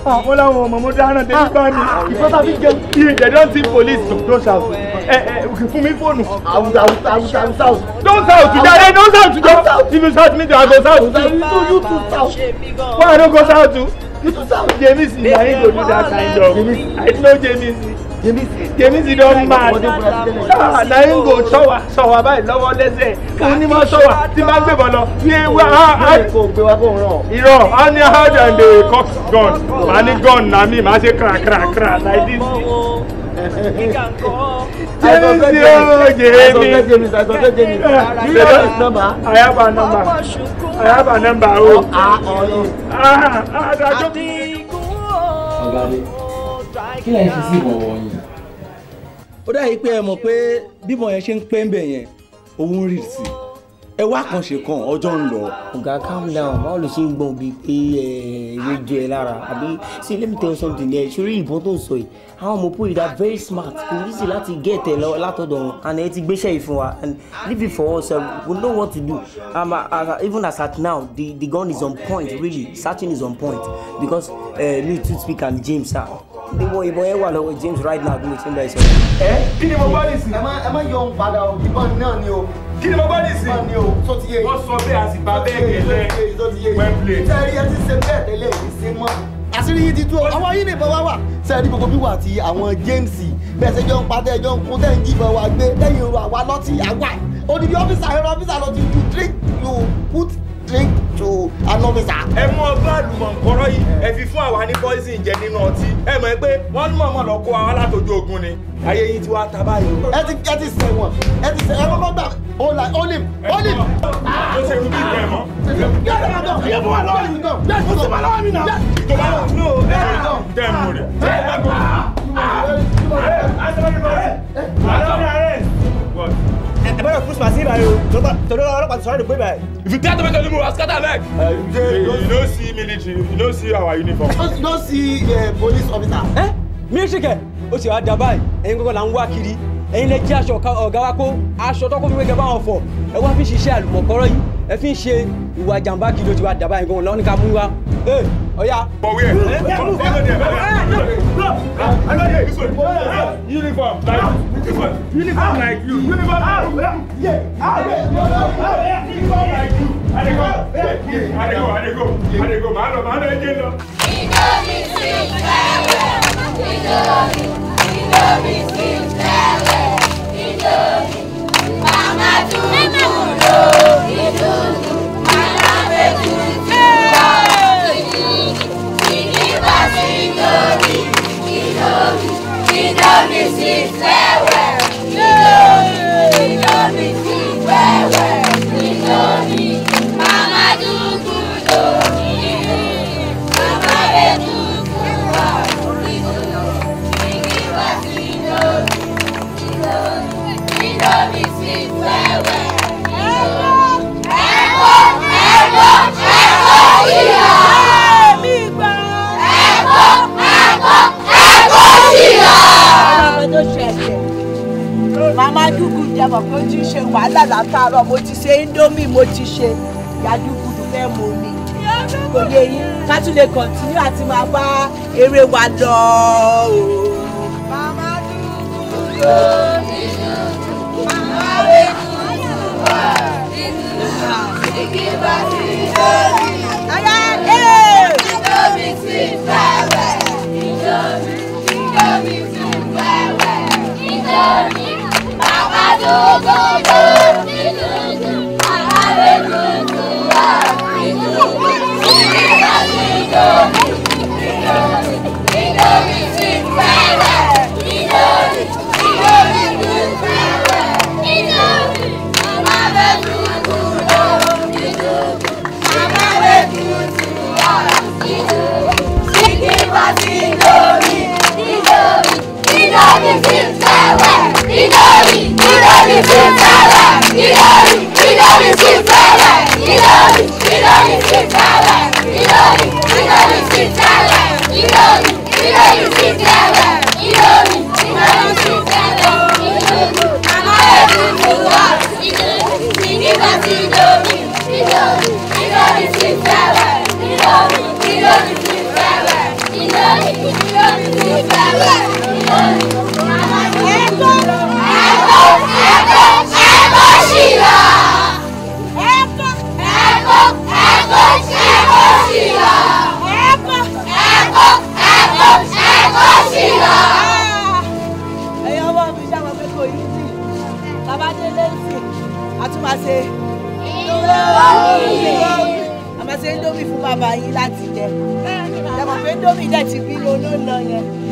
[SPEAKER 3] àwọn ah, làwọn ọmọ mo dáná débi bá mi. ìfọ́tà fi jẹun. they don see police to don shout. ẹ ẹ fún mi fóònù. àwùjọ àwùjọ àwùjọ àwùjọ àwùjọ. don shout today don shout today.
[SPEAKER 5] if you shout me to I go shout you too shout. why I no go shout you too shout. James I ain't go do that kind of. I know James tèmi ti dán máa ṣáà láyín ah, gò ṣọwà ṣọwà báyìí lọ́wọ́ lẹ́sẹ̀ òun ni mo ṣọwà tí n bá gbébọn lọ yé wá ah, ah. á irọ́ á ní hard and a cox gun màá ní gun náà mi màá ṣe kàràkàràkàrà like
[SPEAKER 1] this. James yo James I have a
[SPEAKER 2] number I have a number oh ah ah that's
[SPEAKER 3] kí lẹ́yìn ṣe sí ìbọ̀wọ̀ yìí. ó dàbí pé ẹ mọ̀ pé bímọ yẹn ṣe ń pẹ́ ń bẹ̀ yẹn owó rì sí ẹ wá kan kan ọjọ́ ń lọ. ọ̀gá calm down báwo ló ṣe ń gbọ́n bíi pé ewé jẹ ẹ lára àbí see let me tell you something ẹ ṣorí ìbọn tó ń sọ yìí àwọn ọmọ púpọ̀ ìdá very smart kò ní sí láti gé ẹ̀tẹ̀ lọ látọ̀dọ̀ wọn and ẹ ti gbéṣẹ́ yìí fún wa and leave it for us uh, we know what to do um, uh, uh, even as at now the, the gun is on point really searching is on point because uh, me toothpick and James are. Uh, ìwọ ìbọn yẹn wà lọ́wọ́ James right now bí mo ti ń bẹ sọ. ẹ kí ni mo bá lè sìn. ẹ má ẹ má yọ ohun padà o ìbọn náà ni o. kí ni mo bá lè sìn. ìbọn ni o tó ti yé yìí. wọ́n sọ bẹ́ẹ̀ àti bá bẹ́ẹ̀ gẹ̀lẹ́ wembley. sẹ́ẹ̀rì ẹ ti ṣe bẹ́ẹ̀ tẹ́lẹ̀ ìṣe mọ́. àṣírí yìí ti tú o àwọn yìí nìbọn wá wà sẹ́ẹ̀rì gbogbo bí wà àti àwọn James bẹ́ẹ̀ sẹ́jọ́ ń padà ẹjọ́ ń kún tẹ́ ń jìbọn wa gbé lẹ́yìn ro àwa lọ́tì àwa òdìbí ọ́fíìsà ẹ̀rọ ọ́fíìsà lọ́tì you drink you put drink to an officer. ẹ mú ọgbọ́n àlùmọ̀ǹkọ́rọ́ yìí ẹ fi fún àwa ní poison jẹ nínú ọtí ẹ mọ̀ pé wọ́n ní mọ̀mọ́ lọ kó wa látọjú ogun ni ayé yìí ti wá ta báyìí. ẹ ti ẹ ti sẹ ẹ ti sẹ ẹ kọ́kọ́ gbà ọlà olive olive. ó ṣe rú bí ìgbà yóò
[SPEAKER 5] dára dán yóò bọ́ wà lọ́wọ́ mi dán yóò tó bá lọ́wọ́ mi nà. tó bá lọ́wọ́ mi nà ẹ tẹ́ mú rẹ̀ bọ́dọ̀ kúrúsì màá sí ìbàyò tọ́lọ́ ọlọ́pàá ti sọ̀rọ̀ ìdìbò ìbàyò. if you tell tomato limu i'll scatter leg. you no see military you no see our uniform. you no see eh, police officer. ẹ mi ṣe kẹ o ṣe wa dà
[SPEAKER 3] báyìí ẹ̀yin kọ́kọ́ là ń wá kiri ẹ̀yin lẹ jí aṣọ ọ̀gá wa kó aṣọ tọ́kọ́ fi wége báwọn fọ̀ ẹ wá fi ṣiṣẹ́ àlùmọ̀kọ́rọ́ yìí ẹ fi ń ṣe ìwà jàǹbá kí ló ti wá dàbá yẹn gan lọ́nà ká mú wa ẹ
[SPEAKER 5] ọ̀yà. bọ̀wé ẹ̀ uniform like uniform like you uniform like
[SPEAKER 1] you adego adego adego adego màá lọ màá lọ ẹ jẹ́ lọ. ìjọ mi sì ń tẹ̀wé ìjọ mi ìjọ mi sì ń
[SPEAKER 3] tún lè kọ̀ntínú àti máa bá eré wa lọ. Màmá dúró. indomie dẹ̀ ti bí ronú lọ yẹn.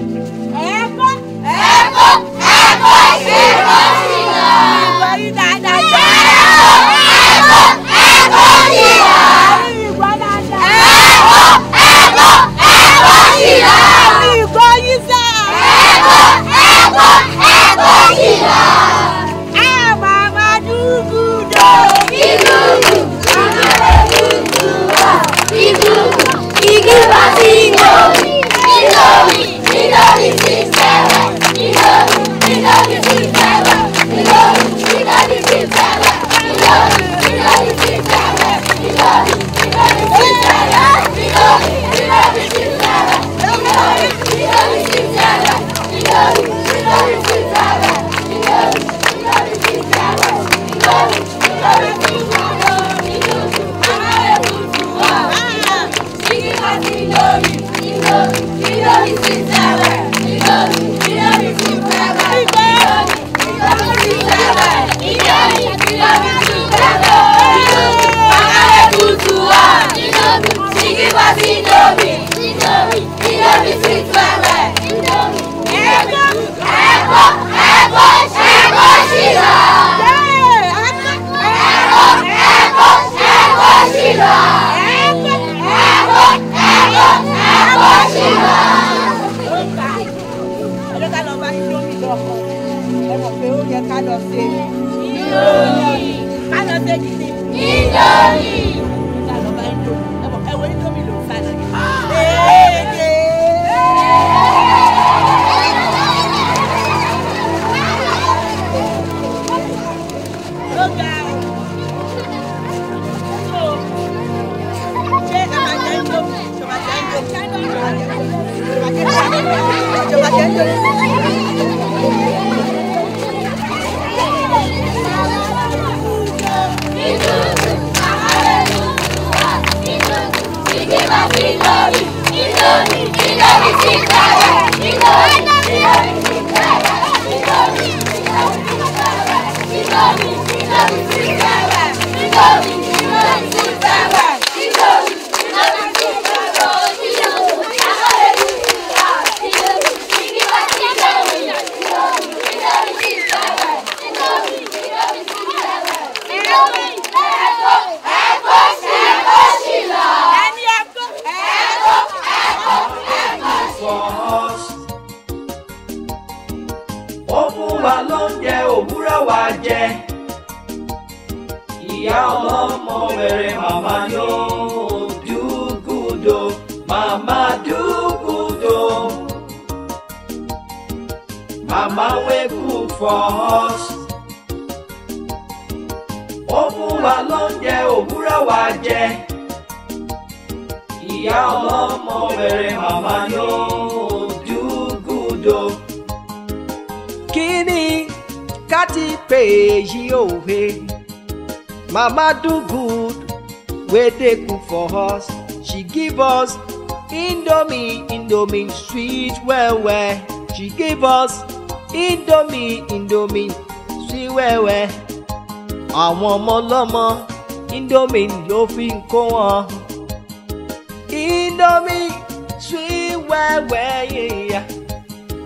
[SPEAKER 2] ó fún wa lóúnjẹ òwúrọ̀ wa jẹ ìyá ọlọ́mọ bẹ̀rẹ̀ màmá yóò dúgúdò màmá dúgúdò màmá wẹ́kù for us ó fún wa lóúnjẹ òwúrọ̀ wa jẹ ìyá ọlọ́mọ bẹ̀rẹ̀ màmá yóò dúgúdò kini kati peji ohe mama do good wey dey cook for us she give us indomie indomie sweet well well she give us indomie indomie sweet well well àwọn ọmọ ọlọ́mọ indomie ló fi ń kó wọn indomie sweet well well yeah.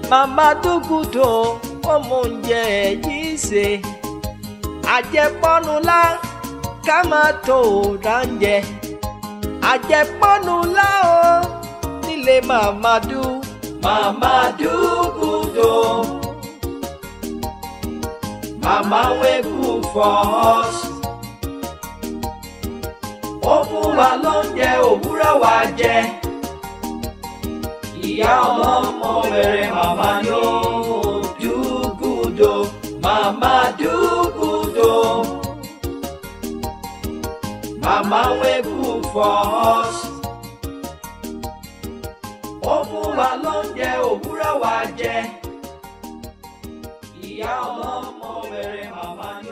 [SPEAKER 2] mama do good o. Oh fọmọ oúnjẹ yìí ṣe àjẹpọ́nulá ká máa tó ránjẹ àjẹpọ́nulá o nílé màmádù màmádù kùdò màmá wẹ́kù for us ó fún wa lóúnjẹ òwúrọ̀ wa jẹ ìyá ọlọ́mọ bẹ̀rẹ̀ màmá lóhùn. Mama kudo, Mama we cook for us. Ó fún wa lóúnjẹ òwúrọ̀ wa jẹ,
[SPEAKER 1] ìyá ọlọ́mọ bẹ̀rẹ̀ màmá ni.